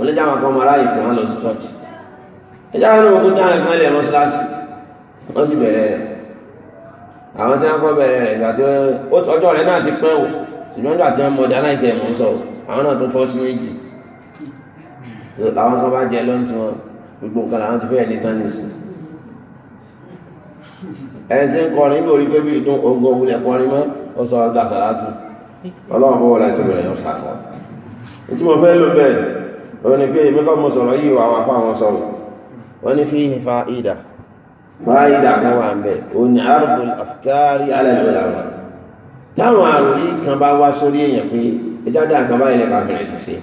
oníjà àwọn kan mara ìpín wọn lọ sí church ẹjọ́ àwọn ọkùnrin táwọn kan lè mọ́ṣáláṣí wọ́n sì bẹ̀rẹ̀ rẹ̀ àwọn tí wọ́n kọ́ bẹ̀rẹ̀ rẹ̀ ìgbà tí ọjọ́ rẹ̀ náà ti pẹ́ ṣùgbọ́n ìgbà tí wọ́n mọ̀ dáná ìṣẹ̀ mọ̀ ń sọ̀rọ̀ àwọn náà tó fọ́ sí méjì làwọn kan bá jẹ lọ́n tí wọn gbogbo nǹkan làwọn ti fẹ́ ní tánìsì ẹni tí ń kọrin ní pé bí ìdún ogun òwúlẹ̀ kọrin mọ́ ó sọ ọdún àtàlátù ọlọ́run bọ́ wọlé bẹ̀rẹ̀ ọ̀sà kan tí mo fẹ́ ló bẹ́ẹ̀ òun ni pé èmi mo sọ̀rọ̀ yìí àwọn apá wọn sọ̀rọ̀ wọ́n ní fi ìhìnfa ìdà fáyidà kan wà mbẹ òní arúgbó àfikárí alẹ́lẹ́lẹ́wà táwọn àròyé kan bá wá sórí èèyàn pé ẹjá dá nǹkan báyìí lẹ́ka bẹ̀rẹ̀ ṣiṣẹ́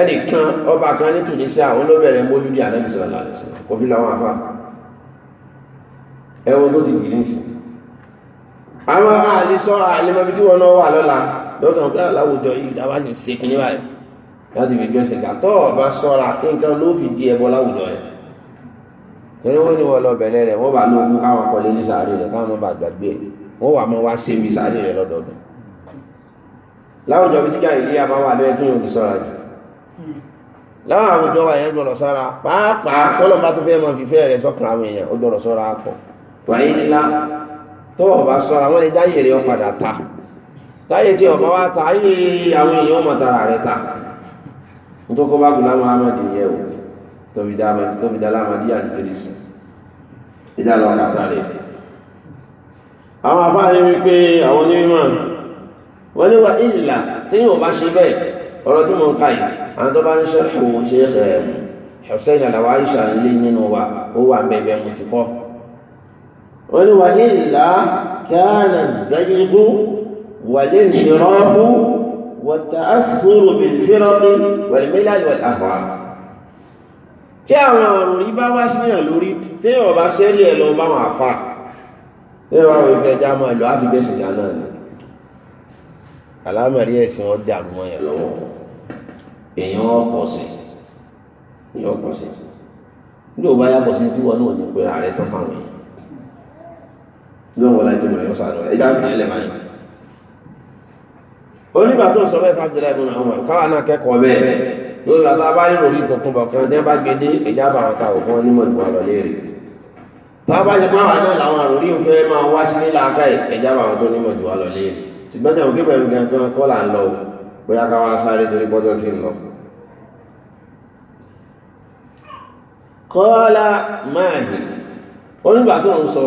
ẹnìkan ọba kan ní Tunisia àwọn olóbẹ̀rẹ̀ mólúdí ànábì sọ̀rọ̀ àlùsọ̀ kò fi làwọn afá ẹwọ tó ti dì ní ìsìn àwọn àlè sọ àlèmọbi tí wọn náà wà lọ́la lọ́kàn pé aláwùjọ ah, yìí dáwà sì ṣe kí láti fi gbẹ́sẹ̀ gà tọ́ ọba sọ́ra nǹkan ló fi di ẹbọ láwùjọ yẹn torí wọ́n ní wọ́n lọ bẹ̀rẹ̀ rẹ̀ wọ́n bá ló kú káwọn kọ́lé ní sàárè rẹ̀ káwọn bá gbàgbé wọ́n wà mọ́ wá sí mi sàárè rẹ̀ lọ́dọọdún láwùjọ bí tíjà ìlú yà bá wà lóyún tó yàn kí sọ́ra jù láwọn àwùjọ wa yẹn gbọ́dọ̀ sọ́ra pàápàá kọ́lọ̀ bá tó fẹ́ mọ fífẹ́ rẹ̀ sọ́kàn àwọn èèyàn ó gbọ́dọ̀ sọ́ra pọ̀ wàyí ńlá tó wọ́n bá sọ́ra wọ́n lè jáyè rẹ̀ padà ta táyé tí ọ̀bá wa ta ayé àwọn èèyàn ó mọ̀ tara rẹ̀ ta nítorí kó bá gùn láwọn amọ̀ tóbi dá amadi tóbi dá alámadi àdìtẹ̀lẹ̀ sí ìdá lọ kàtà rẹ̀. àwọn afáàní wípé àwọn onímọ̀ wọ́n ní wa ìlà téyìn ò bá ṣe bẹ́ẹ̀ ọ̀rọ̀ tí mo ń ka yìí àwọn tó bá ń ṣe kò ṣe ẹ̀ Hussein alawa aisha nílé nínú wa ó wà bẹ̀bẹ̀ mo ti kọ́. wọ́n ní wa ìlà kánà zayigu wàlẹ́ nìrọ́fù wàtà àfúrò bìlfẹ́rọ́tì wàlmílàlì wàtà àfọ̀à tí àwọn àrùn rí bá wá síyàn lórí téèyàn bá ṣẹ́rí ẹ̀ lọ báwọn àfa téèyàn bá wọ́n fẹ́ já máa lọ á fi gbẹ̀sìn já náà ni àlámọ̀rí ẹ̀sìn wọn dàrú mọ́ yẹn lọ́wọ́ èèyàn ọ̀pọ̀ sí èèyàn ọ̀pọ̀ sí ní ò bá yàgbọ̀ sí tí wọn náà ní pé ààrẹ tán fáwọn èèyàn ní ọ̀wọ́ láti mọ̀ ẹ̀yọ́ sàánú ẹ̀dá fi ẹlẹ̀ máa yẹn onígbà tó ń sọ bẹ́ẹ̀ fábílẹ̀ lórí bàtà bá rí lórí tuntun bọ̀ kí wọ́n tẹ́ bá gbé dé ẹ̀já bá wọn ta òkú wọn nímọ̀ ìwà lọ léèrè bá bá ṣe máa wà náà làwọn àròrí òfin máa wá sí nílà aká ẹ̀ ẹ̀já bá wọn tó nímọ̀ ìwà lọ léèrè ṣùgbọ́n sẹ́wọ̀n kí pẹ̀lú gan tó kọ́ là ń lọ bóyá ká wá sáré torí gbọ́dọ̀ sí ń lọ. kọ́lá máa onígbà tó ń sọ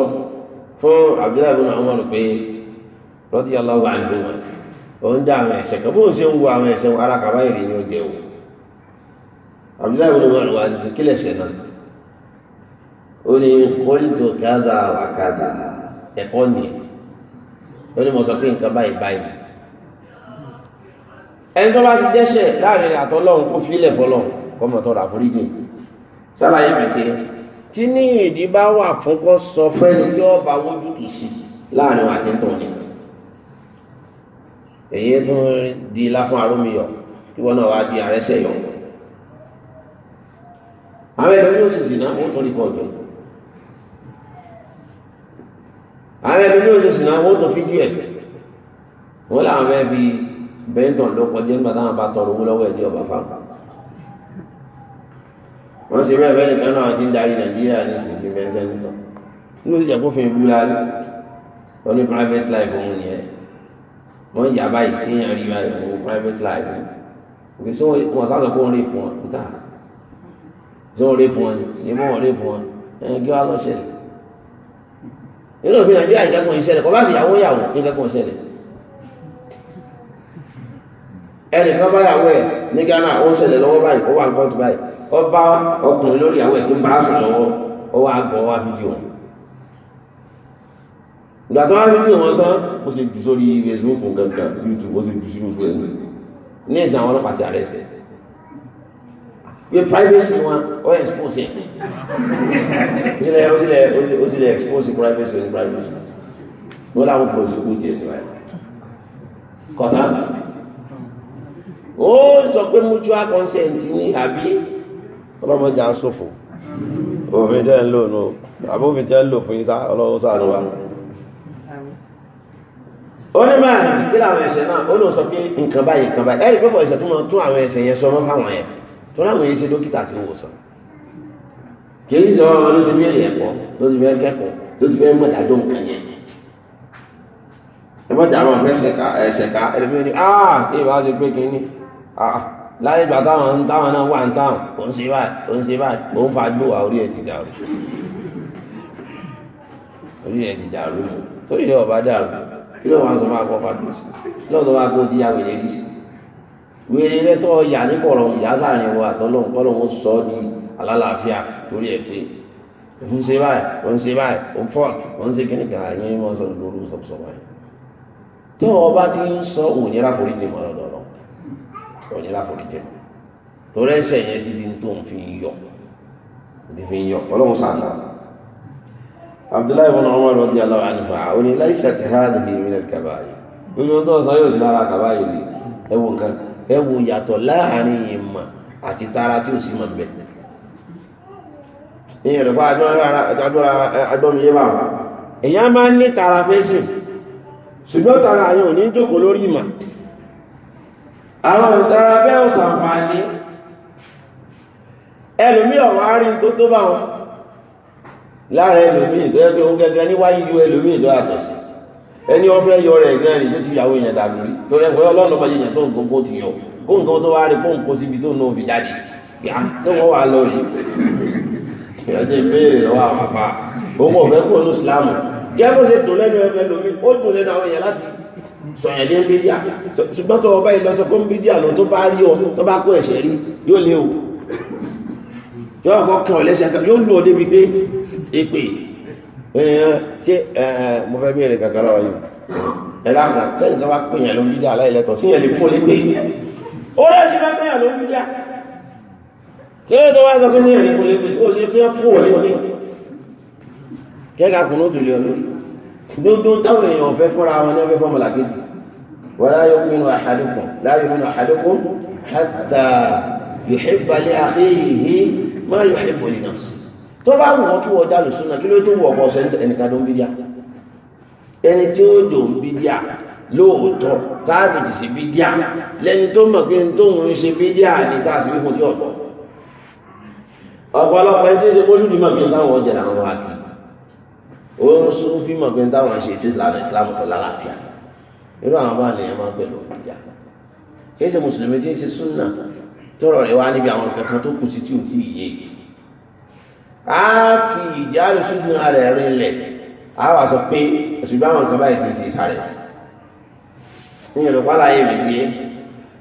fún Abdullahi òun dá àwọn ẹ̀ṣẹ̀ kan bóun ṣe ń wo àwọn ẹ̀ṣẹ̀ wọn alákàbáyèrè ni ó jẹ́ òun abdullahi bin umar wa ni kí lè ṣe náà ó ní kóńtò káza wà káza ẹ̀kọ́ ni ó ní mo sọ pé nǹkan báyìí báyìí ẹni tó bá ti dẹ́ṣẹ̀ láàrin àtọ́lọ́run kó fi ilẹ̀ fọlọ́ kọ́mọ tọrọ àforíjì sálàyé mẹ́tẹ́ tí ní ìdí bá wà fún kó sọ fẹ́ni tí ó bá wójú sí láàrin àti tó ní èyí tún di láfún arúmiyọ ìwọ náà wá di àrẹ́sẹ̀ yọ̀ọ́ àwọn ẹlòmí ò sì sì náà wọ́n tó rí pọ̀jù àwọn ẹlòmí ò sì sì náà wọ́n tó fi díẹ̀ wọ́n làwọn fẹ́ fi bẹ́ńtọ̀n ló kọjá nígbà táwọn bá tọrọ owó lọ́wọ́ ẹ̀ tí ọba fáwọn wọ́n sì bẹ́ẹ̀ bẹ́ẹ̀ nìkan náà ti ń darí nàìjíríà ní ìsìnkú mẹ́sẹ̀ nìkan ní ó sì jẹ́ kó ìlú la wọ́n ní private life òun nìyẹn wọ́n yà báyìí kéèyàn rí báyìí òun private life òkè sọ wọn sáà sọ pé wọ́n rí ìpọ́n níta ṣé wọ́n rí fún wọn ni mọ́ wọn rí fún wọn ẹ̀yìn kí wọ́n lọ ṣẹlẹ̀ nínú òfin nàìjíríà ìkẹ́kọ̀ọ́ ìṣẹ̀lẹ̀ kọ́ bá sì yàwó yàwó ìkẹ́kọ̀ọ́ ìṣẹ̀lẹ̀ ẹnì kan bá yàwó ní Ghana ó ń ṣẹlẹ̀ lọ́wọ́ báyìí ó wà ń kọ́ọ̀tù báyìí ó bá ọkùnrin lórí ìyàwó ẹ̀ tí ń bá sùn lọ́wọ́ ó wà gbọ́ wá fídíò ìgbà tó wá fídíò wọn tán ó sì jù sórí Facebook gangan YouTube ó sì jù sínú ní ìsìn àwọn yẹ privacy wọn ọ yẹ expose yẹ o ti lẹ o ti lẹ o ti expose privacy o ti privacy o la wọn prosecute yẹ tiwa kọta o sọ pé mutual consent ni àbí ọlọmọdé à ń ṣòfò òfin tẹ́ ń lò nù àbí òfin tẹ́ ń lò fún yín ọlọ́wọ́ sáà ló wà onímọ̀ kí làwọn ẹ̀ṣẹ̀ náà ó lóun sọ pé nǹkan báyìí nǹkan báyìí ẹ̀rí pé kò ẹ̀ṣẹ̀ tó máa tún àwọn ẹ̀ṣẹ̀ yẹn sọ mọ́ fáwọn yẹn tó láwọn yìí ṣe dókítà tí ń wò sàn kì í sọ ọmọ ló ti bẹ̀rẹ̀ ẹ̀kọ́ ló ti fẹ́ kẹ́kọ̀ọ́ ló ti fẹ́ mọ̀ dájọ́ nǹkan yẹn ẹ ah kí ìbá ṣe ah láyé ìgbà táwọn táwọn náà wà ń táwọn ò ń ṣe báyìí ò ń ṣe báyìí ò ń fa gbó wa orí ẹ̀ ti dàrú orí ẹ̀ ti dàrú torí ẹ̀ ọba sọ máa kọ́ fàdùn sí lọ́sọ̀ máa kó ti sí wèrè rẹ tó yà ní kọ̀rọ̀ ìyá sáàrin wo àtọ́lọ́hún kọ́lọ́hún sọ ọ́ ní alálàáfíà torí ẹ̀ pé òun ṣe báyìí òun ṣe báyìí òun fọ́ọ̀kì òun ṣe kíní kan àyè wọn sọ lóru sọ̀sọ̀ báyìí tí wọn bá ti ń sọ òmìnira kò rí jẹ mọ́ lọ́dọ̀ lọ òmìnira kò rí jẹ mọ́ torí ẹ̀ṣẹ̀ yẹn ti di tó ń fi yọ ti fi yọ ọlọ́run sàánà Abdullahi ibn Umar radiyallahu anhu àwọn ilé ẹ wo yàtọ̀ láàrin ìmọ̀ àti tara tí ò sí mọ̀ bẹ̀. ìyẹn rẹ̀ pa agbọ́mìyẹ bá wọn èyàn máa ń ní tara fẹ́sìn ṣùgbọ́n tara àyàn ò ní jókòó lórí ìmọ̀ àwọn ìtara bẹ́ẹ̀ ò sàǹfààní ẹlòmí ọ̀wọ́ arí tó tó bá wọn lára ẹlòmí ìtọ́jọ́ gẹ́gẹ́ níwáyé ju ẹlòmí ìtọ́ àtọ̀sí ẹni ọfẹ yọ rẹ gan rẹ tó ti yàwó yẹn dànù rí torí ẹgbẹ Ọlọ́run lọmọ yẹn tó nǹkan kó ti yọ kó nǹkan tó wá rí kó nǹkan síbi tó náà fi jáde yá tó wọn wà lọ rí ìrọjẹ ìbéèrè lọ́wọ́ àwọn àpá òun ọfẹ kúrò ní ìsìlámù yẹ kó ṣe tó lẹ́nu ẹgbẹ lómi ó dùn lẹ́nu àwọn yẹn láti sọyìn ní bídíà ṣùgbọ́n tó ọba ìlọsọ kó ń bídíà lọ tó bá rí ọ tó bá kó ẹ̀ṣẹ̀ rí yóò lé o yóò kọ́ kàn ọ lẹ́sẹ̀ yóò lù ọ débi pé èpè èèyàn eh, ṣé eh, eh, mo fẹ́ bí èrè kankan lọ́wọ́ yìí ẹ láàmú kẹ́ni kan bá pè yàn ló ń bí dá aláìlẹ́tọ̀ sí yẹn lè fún lé pé ó lọ sí bá pè yàn ló ń bí dá kí ló tó wá sọ pé sí yẹn lè fún lé pé ó sì fi hàn fún òní òní kẹ́ka kùnú tòlé ọ lórí gbogbo táwọn èèyàn fẹ́ fúnra wọn ní wọ́n fẹ́ fọ́mọlà kejì wọ́n láyé mímú àhàdùkùn láyé mímú àhàdùkùn hàtà yòhébàlẹ̀ àkéyìí má yòhébàlẹ̀ náà tó bá wù wọn kí wọ́n já lùsùn náà kí ló tó wù ọkọ̀ ọ̀sẹ̀ ẹnìkan tó ń bídíà ẹni tí ó dò ń bídíà lóòótọ́ táàbìtì sí bídíà lẹ́ni tó mọ̀ pé tó ń ṣe bídíà ní táàbì fífún tí ọ̀pọ̀ ọ̀pọ̀lọpọ̀ ẹni tí ń ṣe bójú dì mọ̀ pé táwọn ọjà làwọn wà kí ó ń sún fí mọ̀ pé táwọn ṣe ti lànà ìsìlámù tó lálàáfíà irú àwọn bá nìyẹn máa pẹ̀lú bídíà kì í ṣe mùsùlùmí tí ń ṣe súnà tọrọ rẹ wá níbi àwọn kankan tó kù sí tí ò tí ì yé yìí á fi ìjà lè ṣùgbọ́n ara ẹ̀ rinlẹ̀ á wà sọ pé ṣùgbọ́n àwọn nǹkan báyìí ti ń ṣe sáré ní ìrọ̀pá láyé mi ti yé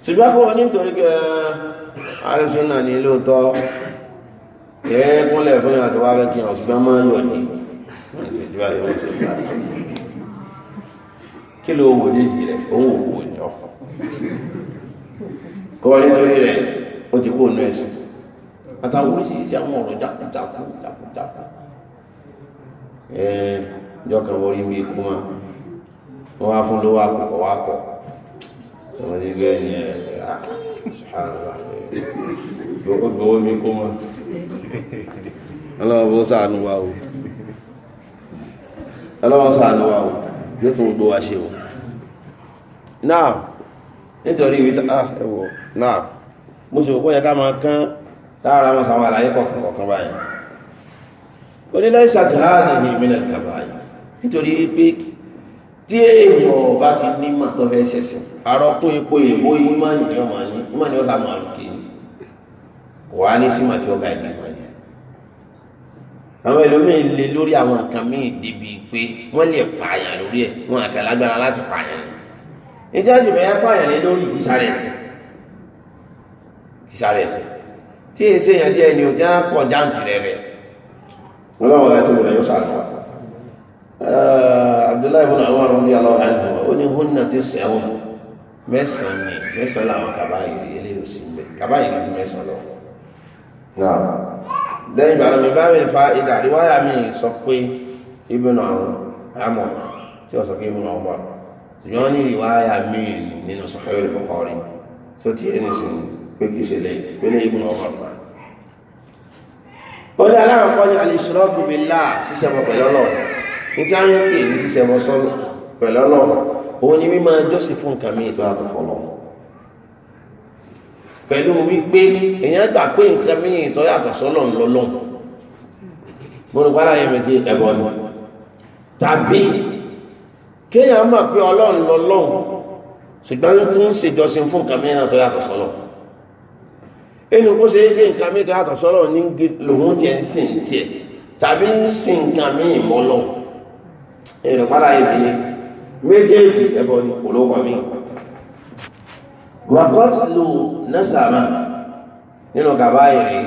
ṣùgbọ́n kó nítorí kẹ́ àrísúnà ní ah, lóòótọ́ ẹ̀ẹ́kúnlẹ̀ fún ìyàtọ̀ wá fẹ́ kí ọ̀ ṣùgbọ́n máa yọ̀ ní kí ló wò déjì rẹ̀ òun òwò ní ọkọ̀ kọ́ nítorí rẹ̀ ó ti kó nú ẹ̀sìn àtàwọn oríṣiríṣi àwọn ọ̀rọ̀ jákújákú jákújákú ẹ jọ kan wọ́n rí mi kú mọ́ wọ́n wá fún lówó àpapọ̀ wá pọ̀ wọ́n ti gbé ẹ̀yìn ẹ̀ gbowó mi kú mọ́ ọlọ́run bó sàánú wa o ọlọ́run sàánú wa o yóò tún gbó wa ṣe o náà nítorí ìwé ah ẹ̀wọ̀ náà mo ṣe òkú yẹ ká máa kán lára wọn sàwọn àlàyé kọ̀ọ̀kan kọ̀ọ̀kan báyìí ó ní lẹ́yìn ṣàtìláàdì ní ìmìnà ìkàbà yìí nítorí pé tí èèyàn bá ti ní mà tó fẹ́ ṣẹ̀ṣẹ̀ àrọ́kún epo èèbó yìí má ní ní ọmọ yìí má ní ọ̀sà máa lù kéyìn kò wá ní símà tí ó ga ìdí ìgbà yẹn àwọn wọ́n lè pààyàn lórí ẹ̀ wọn àkà lágbára láti pààyàn ìjọ́sìn fẹ́ pààyàn lórí ìkísàrẹ̀sì ìkísàrẹ̀sì tí èsè èèyàn díẹ̀ ni òjá pọ̀ jáǹtì rẹ̀ rẹ̀ ọlọ́wọ́ láti wọ̀lẹ̀ yóò sàánú wa eh, Abdullahi ibn Umar radiyallahu anhu ó ní húnnà ti sẹ́wọ̀n mẹ́sàn-án ni mẹ́sàn-án làwọn kaba yìí eléyìí ò sí mbẹ kaba yìí lójú mẹ́sàn-án lọ. lẹ́yìn ìbàdàn mi bá mi fa ìdá àríwáyà mi sọ pé ibùnà àwọn amọ̀ tí ó sọ pé ibùnà ọmọ ṣùgbọ́n ní ìwáyà mi nínú Sahih al-Bukhari tó ti ẹni sìn pé kìí ṣe lẹ́yìn pélé ibùn ọmọ rẹ̀ ó dá aláwọ̀ kọ́ ní alìṣirọ́kù bí láà ṣiṣẹ́ mọ́ pẹ̀lú ọlọ́run ní tí a ń pè ní ṣiṣẹ́ mọ́ sọ́nà pẹ̀lú ọlọ́run òun ni mímọ jọ́sìn fún nǹkan míì tó yàtọ̀ fọlọ́ pẹ̀lú wípé èèyàn gbà pé nǹkan míì tó yàtọ̀ sọ́lọ̀ ńlọ́lọ́run mo rò pàdé ayé mi ti ẹ̀bọ̀ ni tàbí kéèyàn mọ̀ pé ọlọ́run lọ́lọ́run ṣùgbọ́n tó ń fún nǹkan míì náà tó inú kó ṣe é gbé nǹkan mi tẹ́yàtọ̀ sọ́lọ̀ ní lòun tiẹ̀ ń sìn tiẹ̀ tàbí ń sìn nǹkan mi ìmọ́lọ̀ ìrìnpára ibi méjèèjì ẹ̀bọ ni olókọ̀ mi wàkọ́sìlò nẹ́sàmà nínú gàbá ìrìn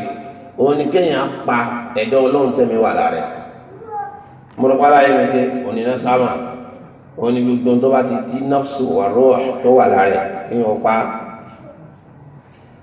òun ni kéèyàn pa ẹ̀dá ọlọ́run tẹ́mi wà lára mọ̀rọ̀pára ibi tẹ́ òní nẹ́sàmà òun ni gbogbo tó bá ti di nọ́ọ̀sì wà rọ́ọ̀ tó wà lára ìyẹn ọ̀pá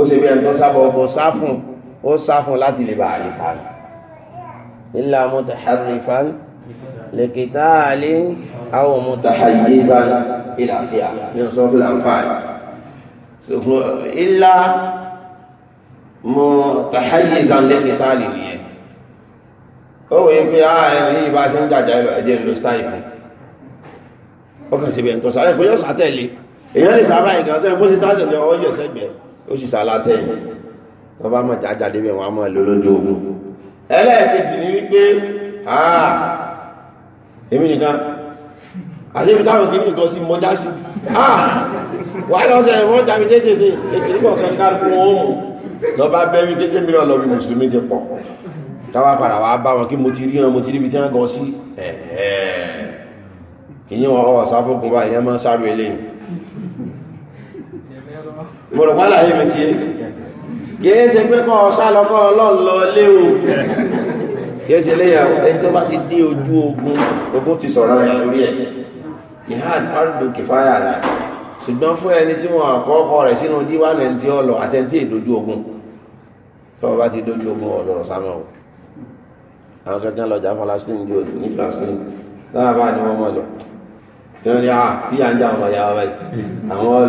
ó ṣe bí ẹni tó sábọ̀ ọkọ̀ sáfún ó sáfún láti lè bàa lè pàdé illa mutaharrifan liqitalin aw mutahayyizan ila fi'a nínú sọ́ọ́ fìlà ń fà illa mutahayyizan liqitalin nìyẹn ó wò yí pé ààrẹ ah, ní ìbá ṣe ń jàjà ẹ̀jẹ̀ ń stáì fún ó kàn sí bí ẹni tó sáfún ẹ̀kọ́ yóò sátẹ̀lé èèyàn lè sábà ìgbà sẹ́yìn bó ti tásẹ̀ lọ ọyọ̀ sẹ́gbẹ̀ẹ́ ó sì sálátẹ̀ wọ́n bá mọ̀ jájá débẹ̀ wọ́n á mọ̀ lólójó ogun ẹlẹ́ẹ̀kejì ní wípé àà èmi nìkan àti táwọn kìíní nǹkan sí mọ́já sí àà wà lọ́sẹ̀ wọ́n jàmí tètè ètò ìgbọ̀n kan ká kún ohun lọ bá bẹ́rí kéjé mìíràn lọ bí mùsùlùmí ti pọ̀ táwa padà wá bá wọn kí mo ti rí wọn mo ti rí ibi tí wọn gan sí ẹ̀ẹ́ kìíní wọn ọwọ́ sáfókun bá ìyẹn máa ń sáré eléyìí mọ̀rọ̀ wà láyé mi ti yé kìí ṣe pé kọ́ sálọ́kọ́ ọlọ́ọ̀lọ́ lé o kìí ṣe léyà ẹni tó bá ti dé ojú ogun ogun ti sọ̀rọ̀ rẹ̀ lórí ẹ̀ jihad fardo kìfáyà rẹ̀ ṣùgbọ́n fún ẹni tí wọ́n àkọ́kọ́ rẹ̀ sínú díwánà tí ó lọ àtẹ́ntí ìdójú ogun tó bá ti dójú ogun ọ̀lọ́rọ̀ sámọ̀ o àwọn kẹta lọ jà fọlásín ní òdì ní fọlásín lára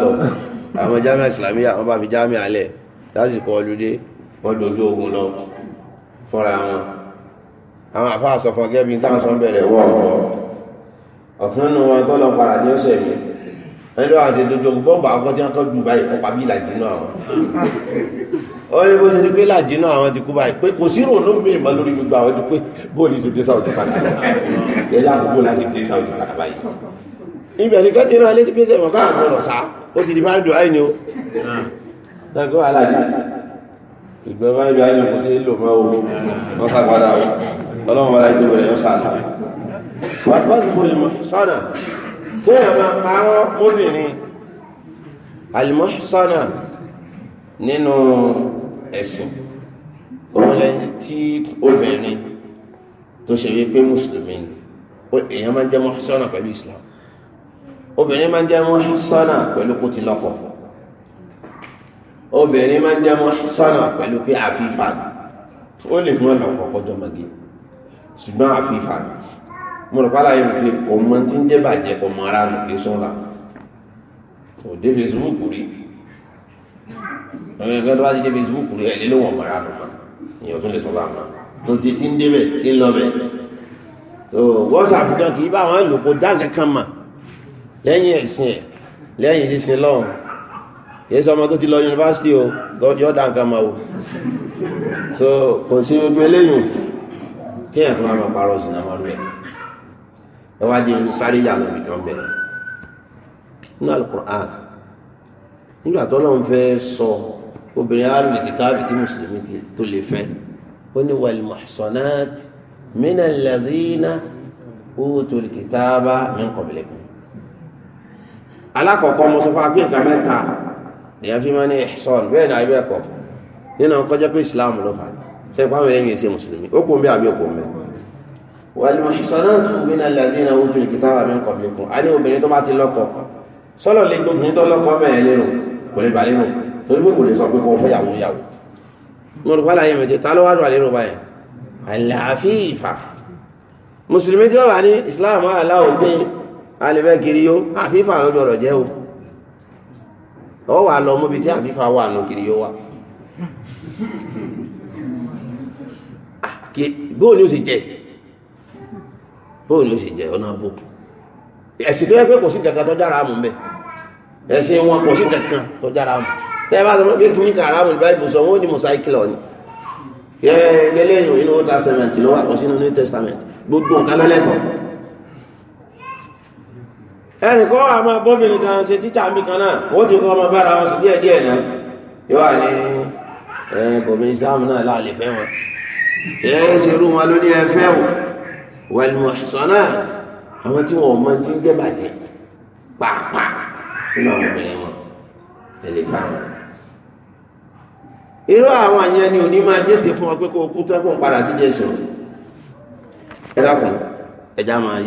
bá àwọn jamiu islamiyà wọn bá fi jamiu alẹ lásìkò ọlùdé wọn dojú ogun lọ fúnra wọn àwọn àfa àsọfọ gẹbi táwọn sọ ń bẹ̀rẹ̀ wọ ọgbọ ọkàn nínú wọn tó lọ para ní ọ̀sẹ̀ mi wọn lọ àti dojú ogun bọmbà ọkọ tí wọn kọ jù báyìí wọn pàbí ìlàjì náà wọn wọ́n ní bó ṣe ní pé ìlàjì náà àwọn ti kú báyìí pé kò sí ròónú mi ìmọ̀ lórí gbogbo àwọn ti pé bóòlù ṣe dé sáwùjọ padà yẹn láti bóòlù láti dé sáwùjọ padà báyìí ibẹ̀ nìkan ti rán alé ti pèsè ìmọ̀ káàkiri ọ̀sá ó ti di fáìlì àìní o dágbé wà láàyè ìgbẹ́ fáìlì àìní kò sí lò mọ́ o wọ́n sá padà o ọlọ́run wọlé tó bẹ̀rẹ̀ yọ sàánà wọ́n tó kò lè mọ̀ sọ́nà kí èèyàn máa parọ́ mọ́bìnrin àlùmọ́ sọ́nà nínú ṣe wípé mùsùlùmí èèyàn máa jẹ́ mọ́ pẹ̀lú ìsìlámù obìnrin máa ń jẹ́ muhsana pẹ̀lú kó ti lọ́kọ obìnrin máa ń jẹ́ muhsana pẹ̀lú pé àfífà ó lè mọ́ lọ́kọ kọjọ́ mọ́gí ṣùgbọ́n àfífà mo rò pálá yẹn pé ọmọ tí ń jẹ́ bàjẹ́ ọmọ ara mi kì í sọ́ra òde Facebook rí ọmọ ẹgbẹ́ tó bá ti dé Facebook rí ẹ̀ lélẹ́wọ̀n ọmọ ara mi ìyẹn tún lè sọ bá wọn tó ti kan kì lẹ́yìn ẹ̀sìn ẹ̀ lẹ́yìn sísin lọ́hùn kìí sọ ọmọ tó ti lọ yunifásitì o yọ́dá nǹkan máa wò so kò sí ojú eléyìn kéèyàn tó máa parọ́ sí náà lórí ẹ̀ ẹ wá di sáré yà lórí ìjọ ń bẹ̀rẹ̀ nínú alukur'an nígbà tó lọ́n fẹ́ sọ obìnrin àrùn ìkíkáàbì tí mùsùlùmí tó lè fẹ́ ó ní wàlí muhsanat mina alladhina utul kitaba min qablikum alákọ̀ọ́kọ́ mo sọ fún agbé nǹkan mẹ́ta èèyàn fi máa ní ihsan bẹ́ẹ̀ ni àìbẹ́ ẹ̀kọ́ nínú ọkọ̀ jẹ́ pé islam ló fà ṣe pàmò ẹ̀yìn ṣe mùsùlùmí ó kò ń bẹ àbí òkò ń bẹ. wal muhsanatu minal ladina utul kitaba min qablikum a ní obìnrin tó bá ti lọ́kọ sọ́lọ̀ lè gbóbìnrin tó lọ́kọ tí wọ́n wà ní islam aláwọ̀ gbé alẹ́fẹ́ kiri yó àfífà ló gbọ́dọ̀ jẹ́ o ọ wà lọ mú bí tí àfífà wà nù kiri yó wà bóò ni ó sì jẹ bóò ni ó sì jẹ ọ̀nà bó ẹ̀sìn tó yẹ pé kò sí kankan tó dára mú mẹ́ ẹ̀sìn wọn kò sí kankan tó dára mú tẹ́ bá sọ pé kí ní kàrá mú báyìí sọ wọn ó ní mọ̀sáìkìlọ̀ ni ẹ̀ ẹ̀ lẹ́lẹ́yìn inú ó ta sẹ́mẹ̀ntì ló wà kó sínú New Testament gbogbo nǹkan lọ́lẹ́tọ̀ọ́ ẹnìkọ́ àmọ́ bóbìnrin kan ṣe títà mi kan náà ó ti kọ́ ọmọ bára wọn sí díẹ̀ díẹ̀ náà yóò wà ní ẹ̀ẹ́kọ̀ọ́mí ìsáàmù náà láàlè fẹ́ wọn ẹ̀ẹ́ ṣe rú wọn ló ní ẹfẹ́ wò wal muhsanat àwọn tí wọn ò mọ ti ń jẹ́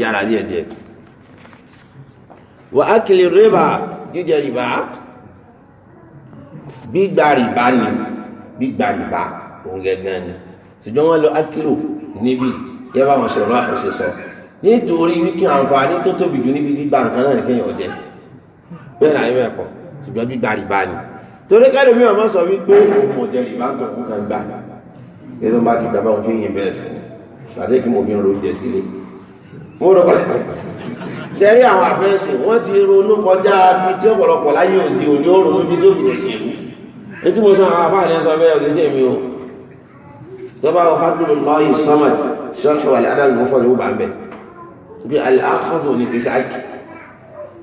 bàjẹ́ wà á kiri rìbá jíjẹ rìbá gbígba rìbá ni gbígba rìbá òun gẹ́gẹ́ ni ṣùgbọ́n wọ́n lọ ákìlò níbi yẹ́bà wọn sọ̀rọ̀ àṣẹ sọ nítorí wíkí àǹfààní tó tóbi jù níbi gbígba nǹkan náà kéèyàn jẹ bẹ́ẹ̀ náà yẹ́bà ẹ̀kọ́ ṣùgbọ́n gbígba rìbá ni torí kẹ́lù mi ọmọ sọ wípé mo jẹ rìbá tó kú kan gbà ní tó bá ti gbà bá wọn fi yìn bẹ́ẹ̀ sí àti kí mo fi ń ro oúnjẹ sílé mo rọ pàtàkì sẹ́rí àwọn àfẹ́sì wọ́n ti ronú kọjá bí tí ọ̀pọ̀lọpọ̀ láyé òde òní ó ronú títí òbí lè ṣèlú etí mo sọ àwọn afáà ní ẹsọ bẹ́ẹ̀ òde sèmi o tó bá wọ fábílù lọ́yì sọ́mọ̀d sọ́ọ̀tù wà ládàá ló fọ́ lówó bá ń bẹ̀ bí aláàkọ́tò ní kìí ṣáàkì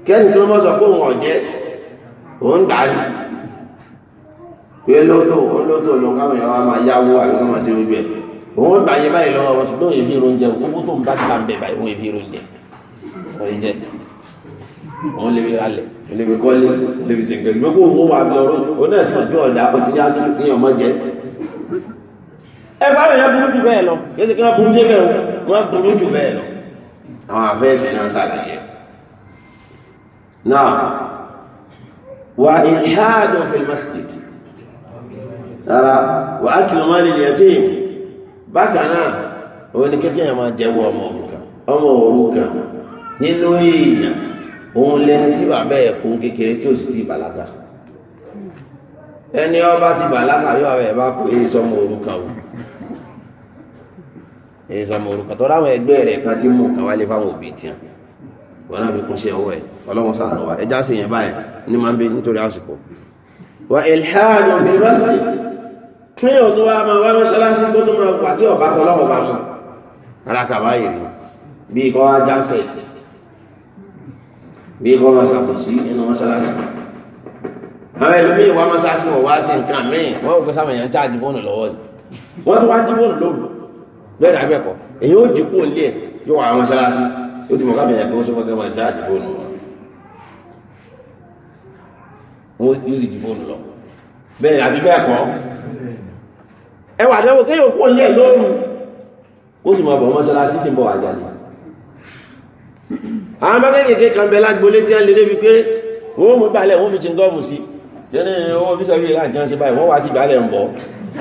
kẹ́ni kí ló mọ́ sọ pé òun ọ̀jẹ́ òun gbà á ní ọ̀rẹ́ jẹ́ wọn lè fi alẹ̀ lè fi kọ́lé lè fi sèǹkẹ́ ìgbẹ́ kó owó wà lọ́rọ́ ó náà sì gbé ọ̀dà ó ti yá kí ọmọ jẹ. ẹ bá rẹ̀ burú jù bẹ́ẹ̀ lọ kí ẹsẹ̀ kí wọ́n burú jẹ́ bẹ́ẹ̀ wọ́n burú jù bẹ́ẹ̀ lọ. àwọn afẹ́sẹ̀ náà ṣàlàyé. náà wà ìhádùn fil masjid sára wà á kìlọ̀ máa lè yẹtí bákan náà òun ni kékeré máa jẹ́wọ́ ọmọ òrukàn ọmọ òrukàn nínú èèyàn òun lẹni tí bàbá ẹ̀ kún kékeré tí ó sì ti bàlágà ẹni ọba ti bàlágà yóò bàbá ẹ̀ bá kú èyí sọmọ òrukàn o èyí sọmọ òrukàn tó ráwọn ẹgbẹ́ rẹ̀ kan ti mú kan wálé fáwọn òbí tiẹ̀ wọn náà fi kún sí ọwọ́ ẹ̀ ọlọ́wọ́n sáà lọ́wọ́ ẹja sì yẹn báyìí ní máa ń bí nítorí àsìkò wà ìlhánù fi mọ́sí kí ni òtún wa máa wá mọ́ṣáláṣí kó tó máa wà tí ọ̀bá tọ́lọ́wọ́ bá mú alákàbáyìí rí bí kọ́ á jáǹsẹ̀tì bí wọ́n máa ṣàkóso inú mọ́ṣáláṣí àwọn ẹlòmíì wá mọ́ṣáláṣí wọ̀ wá sí nǹkan míì wọ́n wò pé sáwọn èèyàn ń cháàjì fóònù lọ́wọ́ ni wọ́n tún wá jí fóònù lóru bẹ́ẹ̀ náà bẹ́ẹ̀ kọ́ èyí ó jí kúrò lé yóò wá mọ́ṣáláṣí ó ti mọ̀ ká bẹ̀rẹ̀ pé ó sọ́kọ́ máa cháàjì fóònù wọn yóò sì jí fóònù lọ bẹ́ẹ̀ àbí bẹ́ẹ̀ kọ́ ẹ wà dẹ́wọ̀ kéèyàn kúrò lé lóru ó sì mọ̀ bọ̀ mọ́ṣáláṣí sì àwọn ọmọ kéékèèké kan bẹ lágbolé tí wọ́n lè débi pé owó mú balẹ̀ wọ́n fi ti ń gọ́ọ̀mù sí kíni owó fi sọ́bí láti jẹun sí báyìí wọ́n wá ti balẹ̀ ń bọ̀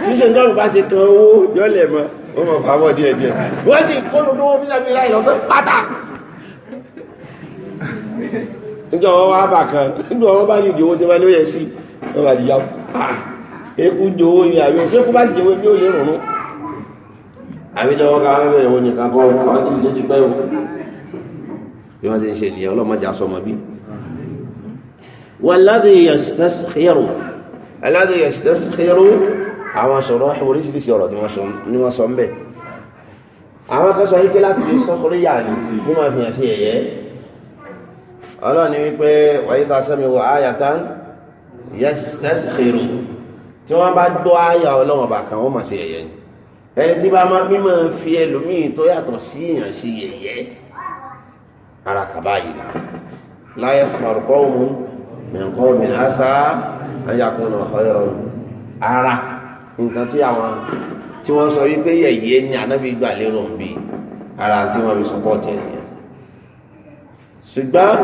tí ṣe ń gọ́ọ̀mù bá ti kan owó yọ́lẹ̀ mọ́ wọ́n mọ̀ fàwọ́ díẹ̀ díẹ̀ wọ́n sì kó lódó owó fi sọ́bí láì lọ́tọ́ pátá níjọ wọn wá bà kan níjọ wọn bá yìí ìdíwó tí wọn ló yẹ sí wọn bá dìjà eku jowó yìí àbí òfin kó bá sì bí wọ́n ti ń ṣe nìyẹn ọlọ́mọdé asọmọ bí. wàládé yasitasikero aládé yasitasikero àwọn sọ̀rọ̀ oríṣiríṣi ọ̀rọ̀ ni wọ́n sọ ń bẹ̀. àwọn kan sọ yìí pé láti fi sọ́kùnrin yà ni kó máa fi hàn sí ẹ̀yẹ́ ọlọ́ni wípé wàyí ta sẹ́mi wọ ayàtá yasitasikero tí wọ́n bá gbọ́ ayà ọlọ́wọ̀n bàkan tó ara kàbá yìí ni láyé smarkọ́ òun nìkan mi lásà ayakun náà ọ̀yọ̀rọ̀ ara nǹkan tí àwọn tí wọ́n sọ wípé yẹ̀yẹ́ ni anábì gbà lérò ń bí ara tí wọ́n fi sọpọ́tì ènìyàn ṣùgbọ́n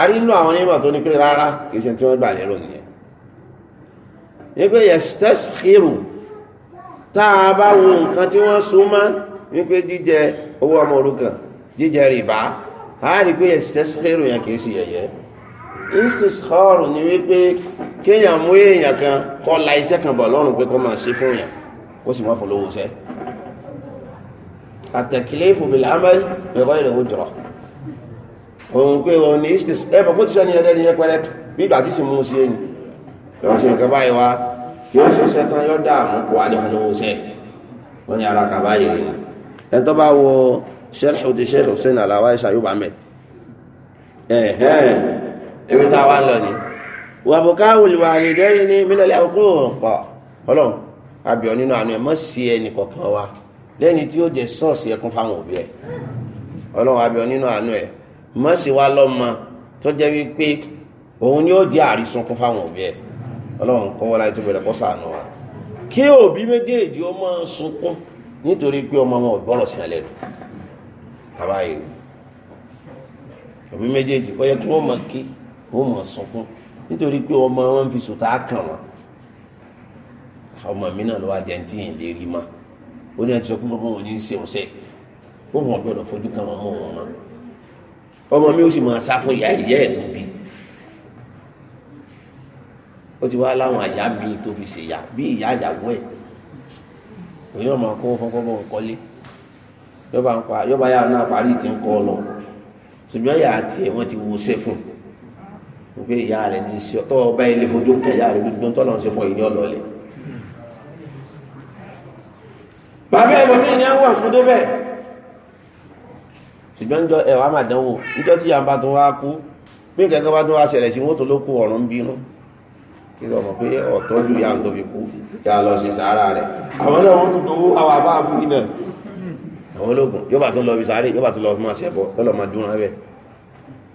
a rí inú àwọn onímọ̀ tó ní pé rárá kì í ṣe tí wọ́n gbà lérò nìyẹn wípé yẹ̀stẹ́sìkìrù tá a bá wo nǹkan tí wọ́n so mọ́ wípé jíjẹ owó ọmọ òrukàn jíjẹ rìbá a rí pé ìsìtẹ́síkérò yẹn kìí sí yẹ̀yẹ́ ìsìtẹ́síkérò ni wípé kéèyàn mú èèyàn kan kọ́ la iṣẹ́ kan bọ̀ lọ́rùn pé kó máa ṣe fún yẹn kó sì má fọlọ́wọ́ sẹ́ àtẹ̀kílẹ̀ ìfòbìlẹ̀ amẹ́l ẹ̀kọ́ ìrẹ̀ ó jọ̀rọ̀ òun pé òun ni ìsìtẹ́síkérò ẹ̀fọ́ kó ti sẹ́ni ẹ̀dẹ́ ni yẹn pẹ́rẹ́ bí ìgbà tí sì mú sí ẹni yóò ṣe nǹkan báyìí wá yóò ṣiṣẹ́ tán yóò dáàmú kó wá ní fọlọ́wọ́ sẹ́ wọ́n ní ara kàbáyìí rẹ̀ ẹ̀ tó bá wo ṣẹ́lẹ̀ òtí ṣẹ́lẹ̀ Hussein aláwá ìṣà yóò bá mẹ́ ẹ̀hẹ́n ibi tá a wá ń lọ ni wà bùká wùlùwà àyèdè yìí ní mílẹ̀lẹ̀ àkókò pọ̀ ọlọ́run àbíọ̀ nínú àánú ẹ̀ mọ́ sí ẹnì kọ̀ọ̀kan wa lẹ́ni tí ó jẹ sọ́ọ̀sì ẹkún fáwọn òbí ẹ̀ ọlọ́run àbíọ̀ nínú àánú ẹ̀ mọ́ sí wa lọ́mọ tó jẹ́ wípé òun ni ó di kí òbí méjèèjì ó sunkún nítorí pé ọmọ wọn ò sí alẹ́ bàbá yìí ni òbí méjèèjì ó yẹ kí wọ́n máa ké wọ́n máa sọkún nítorí pé ọmọ wọn fi sòtá kàn wọn ọmọ mi náà ló wá jẹ tí yìí lè rí ma ó ní ẹni sọ pé bàbá wọn ní í ṣe ọ̀sẹ̀ ó wọn gbọ́dọ̀ fojú kan wọn mọ wọn mọ ọmọ mi ó sì máa sá fún ìyá ìyá ẹ̀ tó bí ó ti wá láwọn àyà mi tó fi ṣèyà bí ìyá àyàwó ẹ̀ òun yóò máa kó fọkọ́ bọ̀ ń yọba ń pa yọba yà náà parí ti ń kọ́ lọ ṣùgbọ́n yà á tiẹ̀ wọ́n ti wo ṣe fún un pé ìyá rẹ̀ ní ṣe tọ́ ọba ilé fojú kẹ ìyá rẹ̀ gbogbo tọ́lọ̀ ń ṣe fún ìyá ọlọ́lẹ̀. bàbá ẹlòmíì ni àwọn àfúndé bẹ́ẹ̀ ṣùgbọ́n ń jọ ẹ̀wà máa dánwò níjọ́ tí yàǹbá tó wá kú bí nǹkan kan bá tó wá ṣẹlẹ̀ sí wọ́n tó ló kú ọ̀run ń bínú kí lọ mọ̀ pé ọ̀tọ́jú yà ń tóbi kú yà lọ sí sàárà rẹ̀ àwọn náà wọ́n tún àwọn àbá àbúrí náà àwọn ológun yóò bá tún lọ bí sáré yóò bá tún lọ fún àṣẹ bọ lọ́lọ́ máa dúnra bẹ́ẹ̀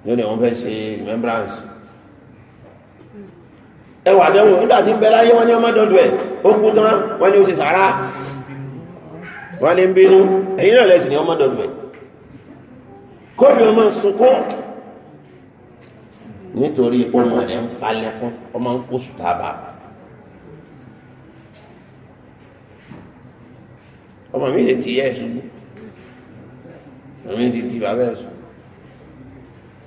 yóò ní wọ́n fẹ́ ṣe remembrance ẹwà àdẹ́wò nígbà tí ń bẹ láyé wọ́n ní ọmọ dọ́dọ̀ ẹ̀ ó kú tán wọ́n ní ó ṣe sàárà wọ́n ní ń bínú ẹ̀yìn náà lẹ́sìn ní ọmọ dọ́dọ̀ ẹ̀ kóbi ọmọ sunkún nítorí ọmọ rẹ̀ ń palẹ̀kún ọmọ ń kó sùtà ọmọ mi lè ti yẹ ẹ̀ ṣubú màmí ti ti bàbá ẹ̀ sùn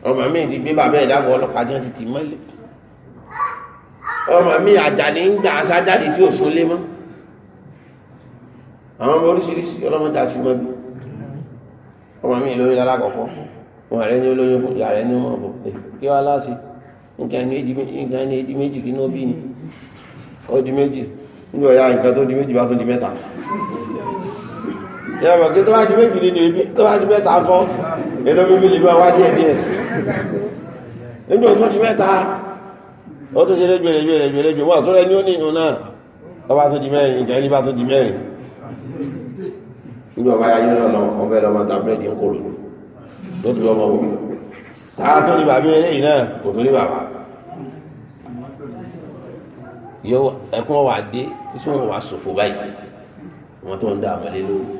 ọmọ mi ti gbé bàbá ẹ̀ dáwọ́ ọlọ́pàá jẹ́ ti ti mọ́lẹ̀ ọmọ mi àjàdé ń gbà sájáde tí ò sólé mọ́ àwọn ọmọ oríṣiríṣi ọlọ́mọdé àti mọ́bí ọmọ mi lóyún lálákọ̀ọ́kọ́ wọn rẹ ní olóyún fún ìyá rẹ ní ọmọ ọ̀bọ̀ pé kí wá láti nǹkan ní èdè méjì kí ní ó ni ó di méjì nígbà ọ̀yá nǹkan di méjì bá tó di mẹ́ta yẹ bọ̀ kí tó bá ju méjì nínú ibi tó bá ju mẹ́ta kọ́ inú bíbí lè bá wá díẹ̀ díẹ̀ nígbà tó di mẹ́ta ó tó ṣe lé gbèrè gbèrè gbèrè gbèrè wọ́n tó rẹ ní ó náà ó bá tó di mẹ́rin ìjà ilé bá tó di mẹ́rin nígbà bá yáyé lọ́nà ọbẹ̀ lọ́mọ tábìlẹ̀tì ń kòrò ló ti lọ́mọ wọn táà tó ní bàbá eléyìí náà kò tó ní bàbá yóò ẹkún wà dé kí sóun wà ṣòfò báyìí wọn tó ń dá àmọ́lé lórí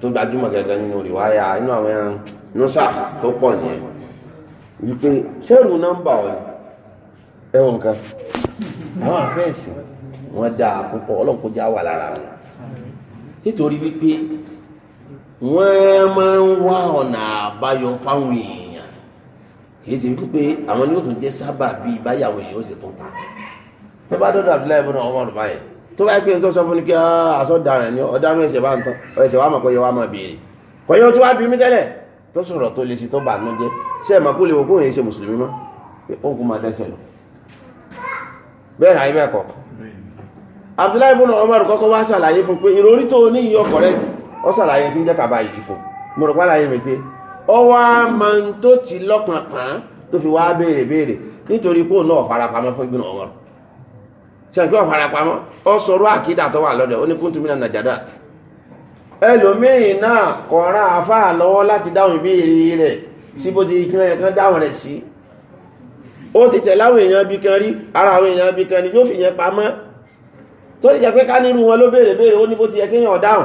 tó gbajúmọ̀ gẹ́gẹ́ nínú rìwáyà inú àwọn ẹran nusaf tó pọ̀ nìyẹn wípé sẹ́rù nọ́mbà ọ̀ ni ẹwọn kan àwọn àfẹ́ẹ̀sì wọn dá púpọ̀ ọlọ́kọjá wà lára wọn nítorí wípé wọ́n máa ń wá ọ̀nà àbáyọ fáwọn èèyàn kì í ṣe wípé àwọn ni ó tún jẹ́ sábà bíi báyàwó èèyàn ó sì tún ta tó bá dọ́dọ̀ Abdullahi ibn Umar báyìí tó bá pín tó sọ fún ní kí àsọ̀daràn ah, ni ọ̀daràn ẹ̀ṣẹ̀ bá ń tán ẹ̀ṣẹ̀ wa mọ̀ pé yẹ wa mọ̀ béèrè kọ̀yẹ́ tó wá bí mí tẹ́lẹ̀ tó sọ̀rọ̀ tó lè ṣe tó bà nú jẹ́ ṣe ẹ̀mà kó lè wọ́n kóhùn ṣe mùsùlùmí mọ́ pé ó kú máa dẹ́ṣẹ̀ lọ bẹ́ẹ̀ náà ibẹ̀ kọ̀ Abdullahi ibùnà Umar kọ́kọ́ wá ṣàlàyé fún pé ìròrí tó ní ìyọ kọ̀rẹ́tì ó ṣàlàyé tí ń jẹ́ kàbá yìí fún mo rò pàlàyé mi tí ó wá máa ń tó ti lọ́kàn pàán tó fi wá béèrè béèrè nítorí pé òun náà farapamọ́ fún ibùnà Umar ṣe àgbẹ́ ọ̀farapamọ́ ọ sọ̀rọ̀ àkídà tó wà lọ́dọ̀ oníkúntùmínà najadat ẹlòmíì náà kọ̀ọ̀rán afá lọ́wọ́ láti dáhùn ìbéèrè rẹ̀ sí bó ti kílẹ̀ kan dáhùn rẹ̀ sí ó ti tẹ̀ láwọn èèyàn bí ara àwọn èèyàn bí kan ni yóò fi yẹn pamọ́ tó ti jẹ́ pé ká nírú wọn ló béèrè béèrè ó ní bó ti yẹ kéèyàn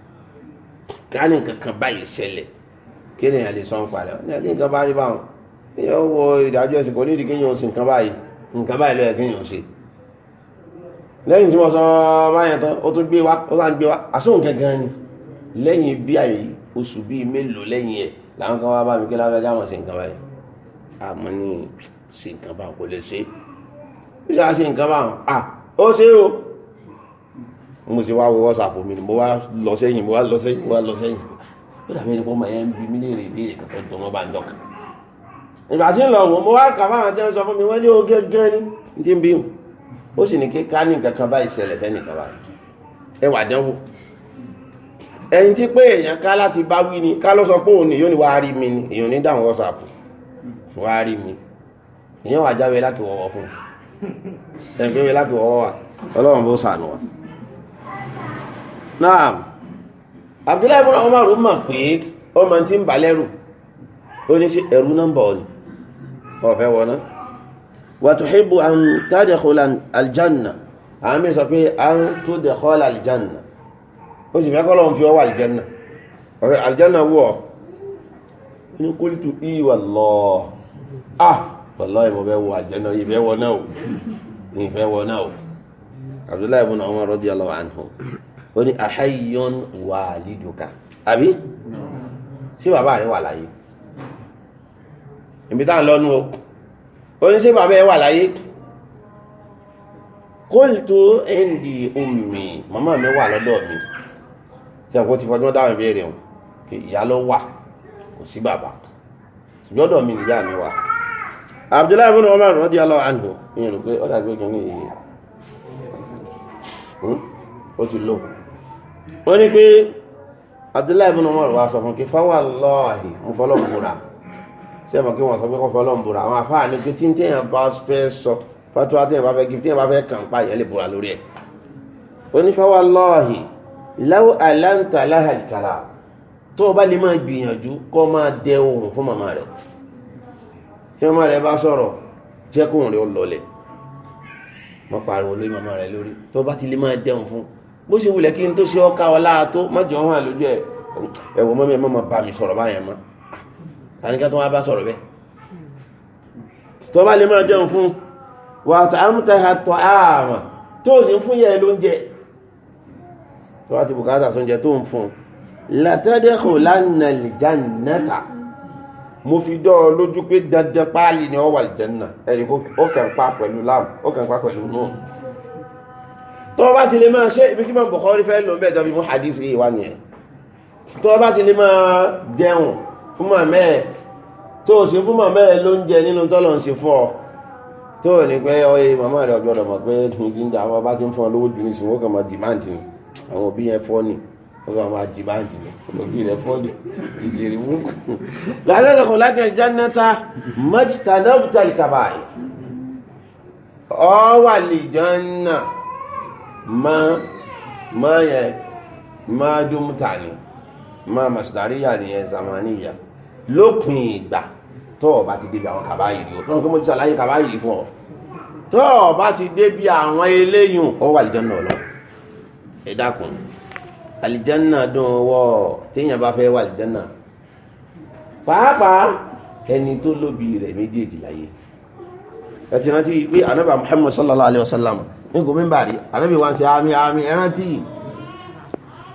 ká ní nǹkan kan báyìí ṣẹlẹ̀ kí ni àlè sọ ń parẹ́ ní ẹni nǹkan bá rí báwọn èèyàn wọ ìdájọ́ ẹ̀sìn kò nídìí kéèyàn ṣe nǹkan báyìí nǹkan báyìí ló yẹ kéèyàn ṣe lẹ́yìn tí mo sọ báyẹn tán ó tún gbé wá ó sàn gbé wá àsóhùn gangan ni lẹ́yìn bí àyè oṣù bíi mélòó lẹ́yìn ẹ̀ làwọn kan wá bá mi kí lábẹ́ káwọn ṣe nǹkan báyìí àmọ́ ní ṣe nǹkan báwọn kò lè ṣe é bí sáà o mo ti wá wo wọ́sàpù mi ni mo wá lọ sẹ́yìn mo wá lọ sẹ́yìn mo wá lọ sẹ́yìn ó dàbí ẹni pé ọmọ yẹn ń bi mí léèrè ìbéèrè kan tó dùn wọn bá ń dọ̀kan. ìgbà tí ń lọ wò mo wá kà fáwọn tí wọ́n sọ fún mi wọ́n ní oge gan ni ti ń bí mu ó sì ní kí ká ní nǹkan kan báyìí ṣẹlẹ̀ sẹ́nìkan báyìí ẹ wà dánwò ẹni tí pé èèyàn ká láti bá wí ni ká ló sọ pé òun ni yóò ní wàá rí mi ni èèyàn ní dáhùn wọ́sàpù wàá rí mi èèyàn wà jáwé láti wọ́wọ́ fún un ẹ̀gbẹ́ wẹ́ láti wọ́wọ́ wà ọlọ́run bó sànù wa naam abdullahi ibn umar mọ̀ pé ọmọ tí ń bà lẹ́rù ó ní sí ẹ̀rú nọ́mbà ọ̀nì ọ̀fẹ́ wọná wa tuhibbu an tadkhula aljanna àmì sọ pé an tudkhula aljanna ó sì fẹ́ kọ́lọ́ fi ọwọ́ aljanna ọ̀fẹ́ aljanna wọ̀ ní qultu i wallah ah wallahi ìmọ̀ bẹ́ wọ aljanna ìbẹ́ wọ náà ìbẹ́ wọ náà abdullahi ibn umar radiyallahu anhu ó ní ahayyon waliduka àbí ṣé bàbá rẹ wà láyé ibi tá à ń lọ́nu o ó ní ṣé bàbá ẹ wà láyé kóòtù ẹ̀ǹdì ummi màmá mi wà lọ́dọ̀ mi tí àpò ti fọdún dáhùn ìbéèrè o ìyá ló wà kò sí bàbá lọ́dọ̀ mi nìyá mi wà abdullahi ibn umar radiyallahu anhu ìyẹn rò pé ọ̀dà gbẹ́gbẹ́ ní ìyẹn hmm? ó ti lóhùn wọ́n ní pé Abdullahi ibn Umar wá sọ fún kí fáwọ́láhì mú fọ́lọ́m búra sí ẹ̀mọ̀ kí wọ́n sọ pé kọ́ fọ́lọ́m búra àwọn afáà ní pé tí ń tẹ́yàn bá fẹ́ sọ fatuwa tẹ́yàn bá fẹ́ gif tẹ́yàn bá fẹ́ kàn pa ìyẹn lè búra lórí ẹ̀ wọ́n ní fáwọ́láhì láwọ́ àlántà láhàlìkàlà tó o bá lè máa gbìyànjú kọ́ máa dẹ ohùn fún màmá rẹ̀ tí màmá rẹ̀ bá sọ̀rọ̀ jẹ́kùn rẹ̀ lọlẹ̀ mọ́ pariwo lórí màmá rẹ̀ lórí tó o bó ṣe wulẹ̀ kí n tó ṣe ọkà ọlá tó mọ́jọ hàn lójú ẹ̀ ẹ̀wọ̀n mọ́mí ẹ̀mọ́ máa bá mi sọ̀rọ̀ báyẹn mọ́ tàníkà tó wá bá sọ̀rọ̀ bẹ́ẹ̀ tó bá lè máa jẹun fún wà á tààmùtà àtọ̀ àmà tó sì ń fún yẹ lóúnjẹ tó wá ti bùkátà sóúnjẹ tó ń fún látẹ́dẹ́kùn lánà lìjánẹ́ta mo fi dọ́ ọ lójú pé dandan páálí ni ọ wà lìjánà ẹ̀rí ó kàn pa pẹ̀lú láàmù ó kàn pa pẹ̀lú náà tó bá ti lè máa ṣe ibi tí mọ̀ Bukhari fẹ́ lò bẹ́ẹ̀ tàbí mú hadisi ìwà nìyẹn tó bá ti lè máa jẹun fún màmẹ́ ẹ̀ tó ṣe fún màmẹ́ ẹ̀ ló ń jẹ nínú tọ́lọ̀ ń ṣe fún ọ tó ní pé ọyẹ màmá rẹ̀ ọjọ́dọ̀ mọ̀ pé nìjí ń da àwọn bá ti ń fún ọ lówó jù ní ìsìnkú kan máa dìmáǹdì ni àwọn òbí yẹn fọ́ ni wọ́n kàn máa dìmáǹdì ni òbí rẹ̀ fọ́ ni ìjèrè mú. làlẹ́ kò lákẹ́ jannata mọ́tì tàdábùtà ìkàbáyé ọ wà lè jẹ́ náà má má yẹn má dúmúta ni má màṣídàríyà nìyẹn zamaniya lópin ìgbà tó o bá ti débi àwọn kàbáyìí rí o tó ń gbọ́n mo ti ṣàlàyé kàbáyìí fún ọ tó o bá ti débi àwọn eléyìn ó wà àlìjánná lọ ẹ dákun àlìjánná dùn ọwọ́ téèyàn bá fẹ́ wà àlìjánná pàápàá ẹni tó lóbi rẹ̀ méjèèjì láyé ẹ ti rántí pé anábà Muhammad sallallahu alayhi wa sallam ní gómìn bàrí ànábì wọn ṣe àmì àmì ẹrántí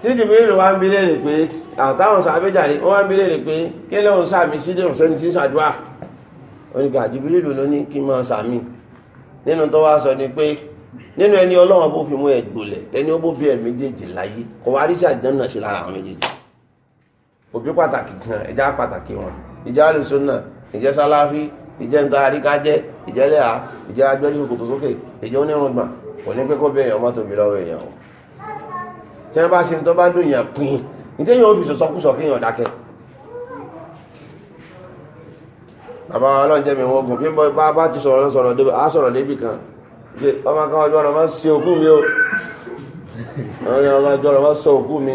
tí jìbìrì wa ń bi léèrè pé àtàwọn sàbẹjàre wọn ń bi léèrè pé kí lóun sàmì sí lóun sẹni tí ń ṣàdúrà onígbà jìbìrì ló ní kí máa sàmì nínú tó wá sọ ni pé nínú ẹni ọlọ́wọ́n bó fi mú ẹ gbolẹ̀ ẹni ó bó bí ẹ méjèèjì láyé kò wá arísí àjẹmọ́ náà ṣe lára àwọn méjèèjì òbí pàtàkì gan ẹja pàtàkì wọn ìjà àlùsọ náà ìjẹ sáláfí ìjẹ ntàríkájẹ ìjẹlẹ́à ìjẹ agbẹ́rí òkòtò sókè ìjẹ onírùngbọ̀n kò ní pé kó bẹ èèyàn mọ́tò lọ́wọ́ èèyàn o tí wọ́n bá ṣe tó bá dùn yàn pín nítorí yóò fi sọ̀sọ́kùsọ̀ kí èèyàn dákẹ́ bàbá wa lọ́n bí bá ti sọ̀rọ̀ sọ̀rọ̀ a sọ̀rọ̀ débi kan ọmọ kan ọjọ́ mi o ọmọ sọ mi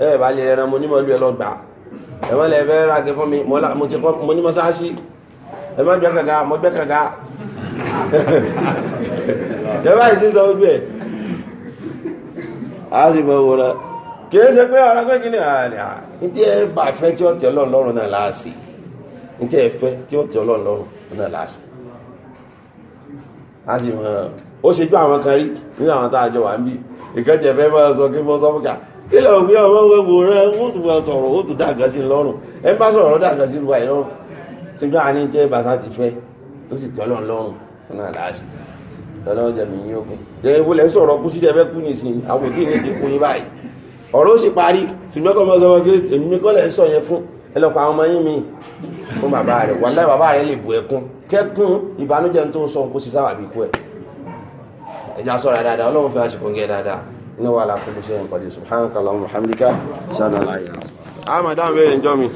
ẹ bá lè ẹran mo ẹ fẹ́ fún mi mo ti jọba yìí ti sọ ojú ẹ̀ a sì mọ owó náà kìí ṣe pé ọ̀rọ̀ pé kíni àárẹ̀ ní tí ẹ bá fẹ́ tí ó ọlọ́run lọ́rùn náà láàṣì ní tí ẹ fẹ́ tí ó ọlọ́run lọ́rùn náà láàṣì a sì mọ ó ṣe ju àwọn kan rí nínú àwọn tá a jọ wà ń bí ìkẹ́jẹ̀ fẹ́ máa sọ kí mo sọ fún kà kílẹ̀ òbí ọmọ wẹ́wò rẹ̀ ó tún bá sọ̀rọ̀ ó tún dàgbà sí lọ́rùn ẹ bá sọ̀rọ̀ dàgbà sí ìlú àìlọ́rùn ṣùgbọ́n àní tẹ́ bàtà ti fẹ́ tó sì tẹ́ lọ́rùn náà láàṣì tọ́lọ́wọ́ jẹ̀mí yín ogun jẹ́ ìwúlẹ̀ ń sọ̀rọ̀ kú sí jẹ́ fẹ́ kú ní ìsìn àwòtí ní ti kú yín báyìí ọ̀rọ̀ ó sì parí ṣùgbọ́n kọ́ mọ́sọ́ wọn èmi kọ́ lẹ̀ ń sọ yẹn fún ẹlọ́pàá ọmọ yín mi fún bàbá rẹ̀ wàláhì bàbá rẹ̀ lè bu ẹkún kẹ́kún ìbànújẹ́ tó sọ kó sì sáwà bí kú ẹ̀ ẹja sọ̀rọ̀ dáadáa ọlọ́run fi àṣepọ̀ gẹ́ dáadáa inú wa làkúkú sí ẹ̀ ń pàdé subhanaka Allahumma wa hamdika ṣáná láyé àmà dáhùn bẹ́ẹ̀ ń jọ mi.